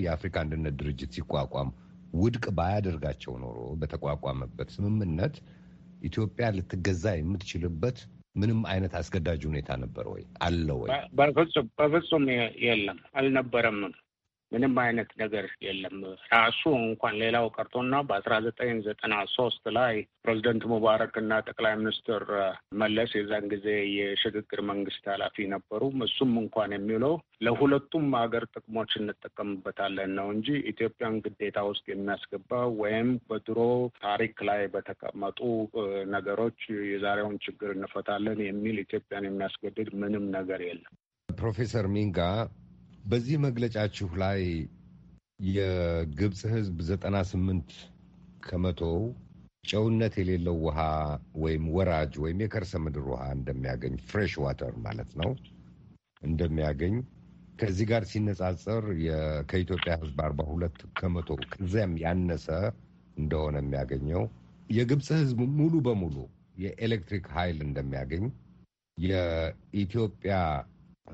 የአፍሪካ አንድነት ድርጅት ሲቋቋም ውድቅ ባያደርጋቸው ኖሮ በተቋቋመበት ስምምነት ኢትዮጵያ ልትገዛ የምትችልበት ምንም አይነት አስገዳጅ ሁኔታ ነበር ወይ? አለ ወይ? በፍጹም የለም፣ አልነበረም። ምንም አይነት ነገር የለም። ራሱ እንኳን ሌላው ቀርቶና በአስራ ዘጠኝ ዘጠና ሶስት ላይ ፕሬዚደንት ሙባረክ እና ጠቅላይ ሚኒስትር መለስ የዛን ጊዜ የሽግግር መንግስት ኃላፊ ነበሩ። እሱም እንኳን የሚለው ለሁለቱም ሀገር ጥቅሞች እንጠቀምበታለን ነው እንጂ ኢትዮጵያን ግዴታ ውስጥ የሚያስገባ ወይም በድሮ ታሪክ ላይ በተቀመጡ ነገሮች የዛሬውን ችግር እንፈታለን የሚል ኢትዮጵያን የሚያስገድድ ምንም ነገር የለም። ፕሮፌሰር ሚንጋ በዚህ መግለጫችሁ ላይ የግብፅ ህዝብ ዘጠና ስምንት ከመቶ ጨውነት የሌለው ውሃ ወይም ወራጅ ወይም የከርሰ ምድር ውሃ እንደሚያገኝ ፍሬሽ ዋተር ማለት ነው እንደሚያገኝ ከዚህ ጋር ሲነጻጸር ከኢትዮጵያ ህዝብ አርባ ሁለት ከመቶ ከዚያም ያነሰ እንደሆነ የሚያገኘው የግብፅ ህዝብ ሙሉ በሙሉ የኤሌክትሪክ ኃይል እንደሚያገኝ የኢትዮጵያ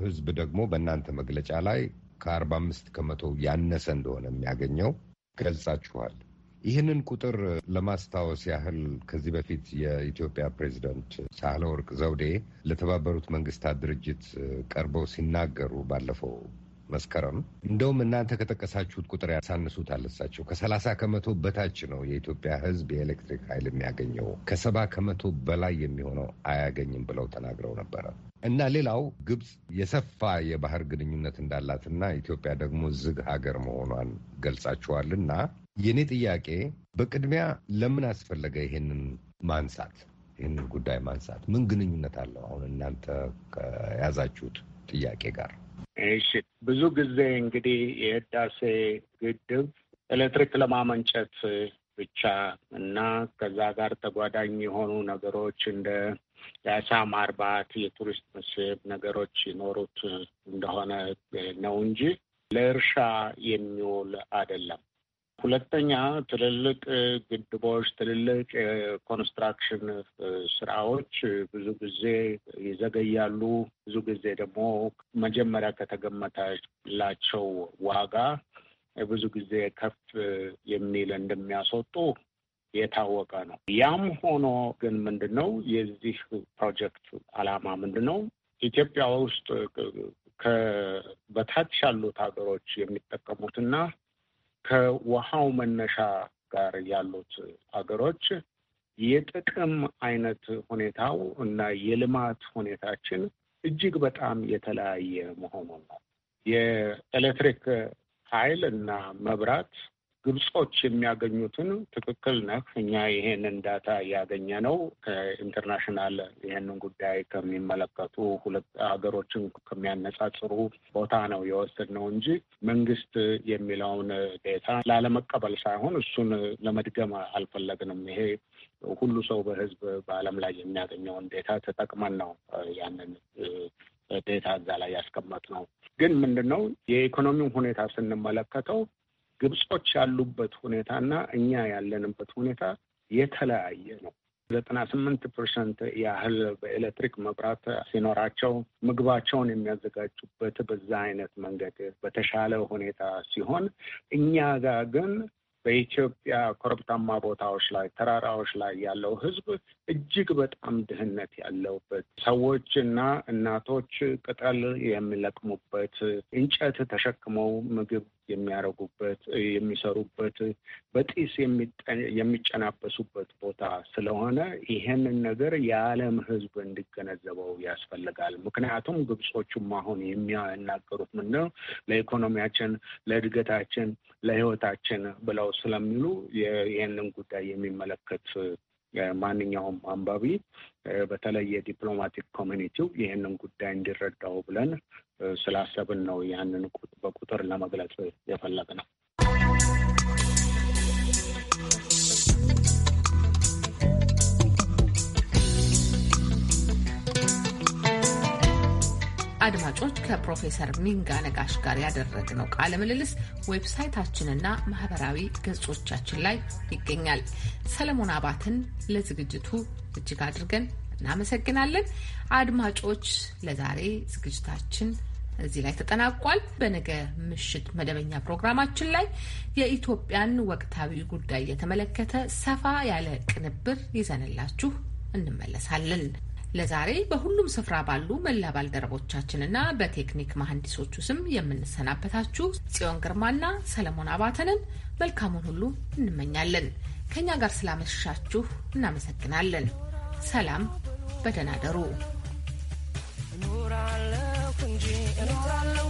ህዝብ ደግሞ በእናንተ መግለጫ ላይ ከአርባ አምስት ከመቶ ያነሰ እንደሆነ የሚያገኘው ገልጻችኋል። ይህንን ቁጥር ለማስታወስ ያህል ከዚህ በፊት የኢትዮጵያ ሳህለ ሳህለወርቅ ዘውዴ ለተባበሩት መንግስታት ድርጅት ቀርበው ሲናገሩ ባለፈው መስከረም እንደውም እናንተ ከጠቀሳችሁት ቁጥር ያሳንሱት አለሳቸው ከሰላሳ ከመቶ በታች ነው የኢትዮጵያ ህዝብ የኤሌክትሪክ ኃይል የሚያገኘው ከሰባ ከመቶ በላይ የሚሆነው አያገኝም ብለው ተናግረው ነበረ። እና ሌላው ግብፅ የሰፋ የባህር ግንኙነት እንዳላትና ኢትዮጵያ ደግሞ ዝግ ሀገር መሆኗን ገልጻችኋልና የእኔ ጥያቄ በቅድሚያ ለምን አስፈለገ ይሄንን ማንሳት ይህንን ጉዳይ ማንሳት ምን ግንኙነት አለው? አሁን እናንተ ከያዛችሁት ጥያቄ ጋር። እሺ፣ ብዙ ጊዜ እንግዲህ የህዳሴ ግድብ ኤሌክትሪክ ለማመንጨት ብቻ እና ከዛ ጋር ተጓዳኝ የሆኑ ነገሮች እንደ የአሳ ማርባት የቱሪስት መስህብ ነገሮች ይኖሩት እንደሆነ ነው እንጂ ለእርሻ የሚውል አይደለም። ሁለተኛ ትልልቅ ግድቦች፣ ትልልቅ የኮንስትራክሽን ስራዎች ብዙ ጊዜ ይዘገያሉ። ብዙ ጊዜ ደግሞ መጀመሪያ ከተገመተላቸው ዋጋ ብዙ ጊዜ ከፍ የሚል እንደሚያስወጡ የታወቀ ነው። ያም ሆኖ ግን ምንድን ነው የዚህ ፕሮጀክት አላማ ምንድን ነው? ኢትዮጵያ ውስጥ ከበታች ያሉት ሀገሮች የሚጠቀሙትና ከውሃው መነሻ ጋር ያሉት ሀገሮች የጥቅም አይነት ሁኔታው እና የልማት ሁኔታችን እጅግ በጣም የተለያየ መሆኑን ነው። የኤሌክትሪክ ኃይል እና መብራት ግብጾች የሚያገኙትን ትክክል ነህ። እኛ ይሄንን ዳታ እያገኘ ነው ከኢንተርናሽናል ይሄንን ጉዳይ ከሚመለከቱ ሁለት ሀገሮችን ከሚያነጻጽሩ ቦታ ነው ነው እንጂ መንግስት የሚለውን ዴታ ላለመቀበል ሳይሆን እሱን ለመድገም አልፈለግንም። ይሄ ሁሉ ሰው በህዝብ በዓለም ላይ የሚያገኘውን ዴታ ተጠቅመን ነው ያንን ዴታ እዛ ላይ ያስቀመጥ ነው። ግን ምንድን ነው የኢኮኖሚው ሁኔታ ስንመለከተው ግብጾች ያሉበት ሁኔታና እኛ ያለንበት ሁኔታ የተለያየ ነው። ዘጠና ስምንት ፐርሰንት ያህል በኤሌክትሪክ መብራት ሲኖራቸው ምግባቸውን የሚያዘጋጁበት በዛ አይነት መንገድ በተሻለ ሁኔታ ሲሆን እኛ ጋር ግን በኢትዮጵያ ኮረብታማ ቦታዎች ላይ ተራራዎች ላይ ያለው ሕዝብ እጅግ በጣም ድህነት ያለውበት እና እናቶች ቅጠል የሚለቅሙበት እንጨት ተሸክመው ምግብ የሚያረጉበት የሚሰሩበት በጢስ የሚጨናበሱበት ቦታ ስለሆነ ይህንን ነገር የዓለም ሕዝብ እንዲገነዘበው ያስፈልጋል። ምክንያቱም ግብጾቹም አሁን የሚናገሩት ምንድነው ለኢኮኖሚያችን፣ ለእድገታችን፣ ለሕይወታችን ብለው ስለሚሉ ይህንን ጉዳይ የሚመለከት ማንኛውም አንባቢ በተለይ የዲፕሎማቲክ ኮሚኒቲው ይህንን ጉዳይ እንዲረዳው ብለን ስላሰብን ነው ያንን በቁጥር ለመግለጽ የፈለግ ነው። አድማጮች ከፕሮፌሰር ሚንጋ ነጋሽ ጋር ያደረግነው ቃለ ምልልስ ዌብሳይታችንና ማህበራዊ ገጾቻችን ላይ ይገኛል። ሰለሞን አባትን ለዝግጅቱ እጅግ አድርገን እናመሰግናለን። አድማጮች ለዛሬ ዝግጅታችን እዚህ ላይ ተጠናቋል። በነገ ምሽት መደበኛ ፕሮግራማችን ላይ የኢትዮጵያን ወቅታዊ ጉዳይ የተመለከተ ሰፋ ያለ ቅንብር ይዘንላችሁ እንመለሳለን። ለዛሬ በሁሉም ስፍራ ባሉ መላ ባልደረቦቻችንና በቴክኒክ መሐንዲሶቹ ስም የምንሰናበታችሁ ጽዮን ግርማና ሰለሞን አባተንን መልካሙን ሁሉ እንመኛለን። ከእኛ ጋር ስላመሻችሁ እናመሰግናለን። ሰላም፣ በደህና ደሩ። እኖራለሁ እንጂ እኖራለሁ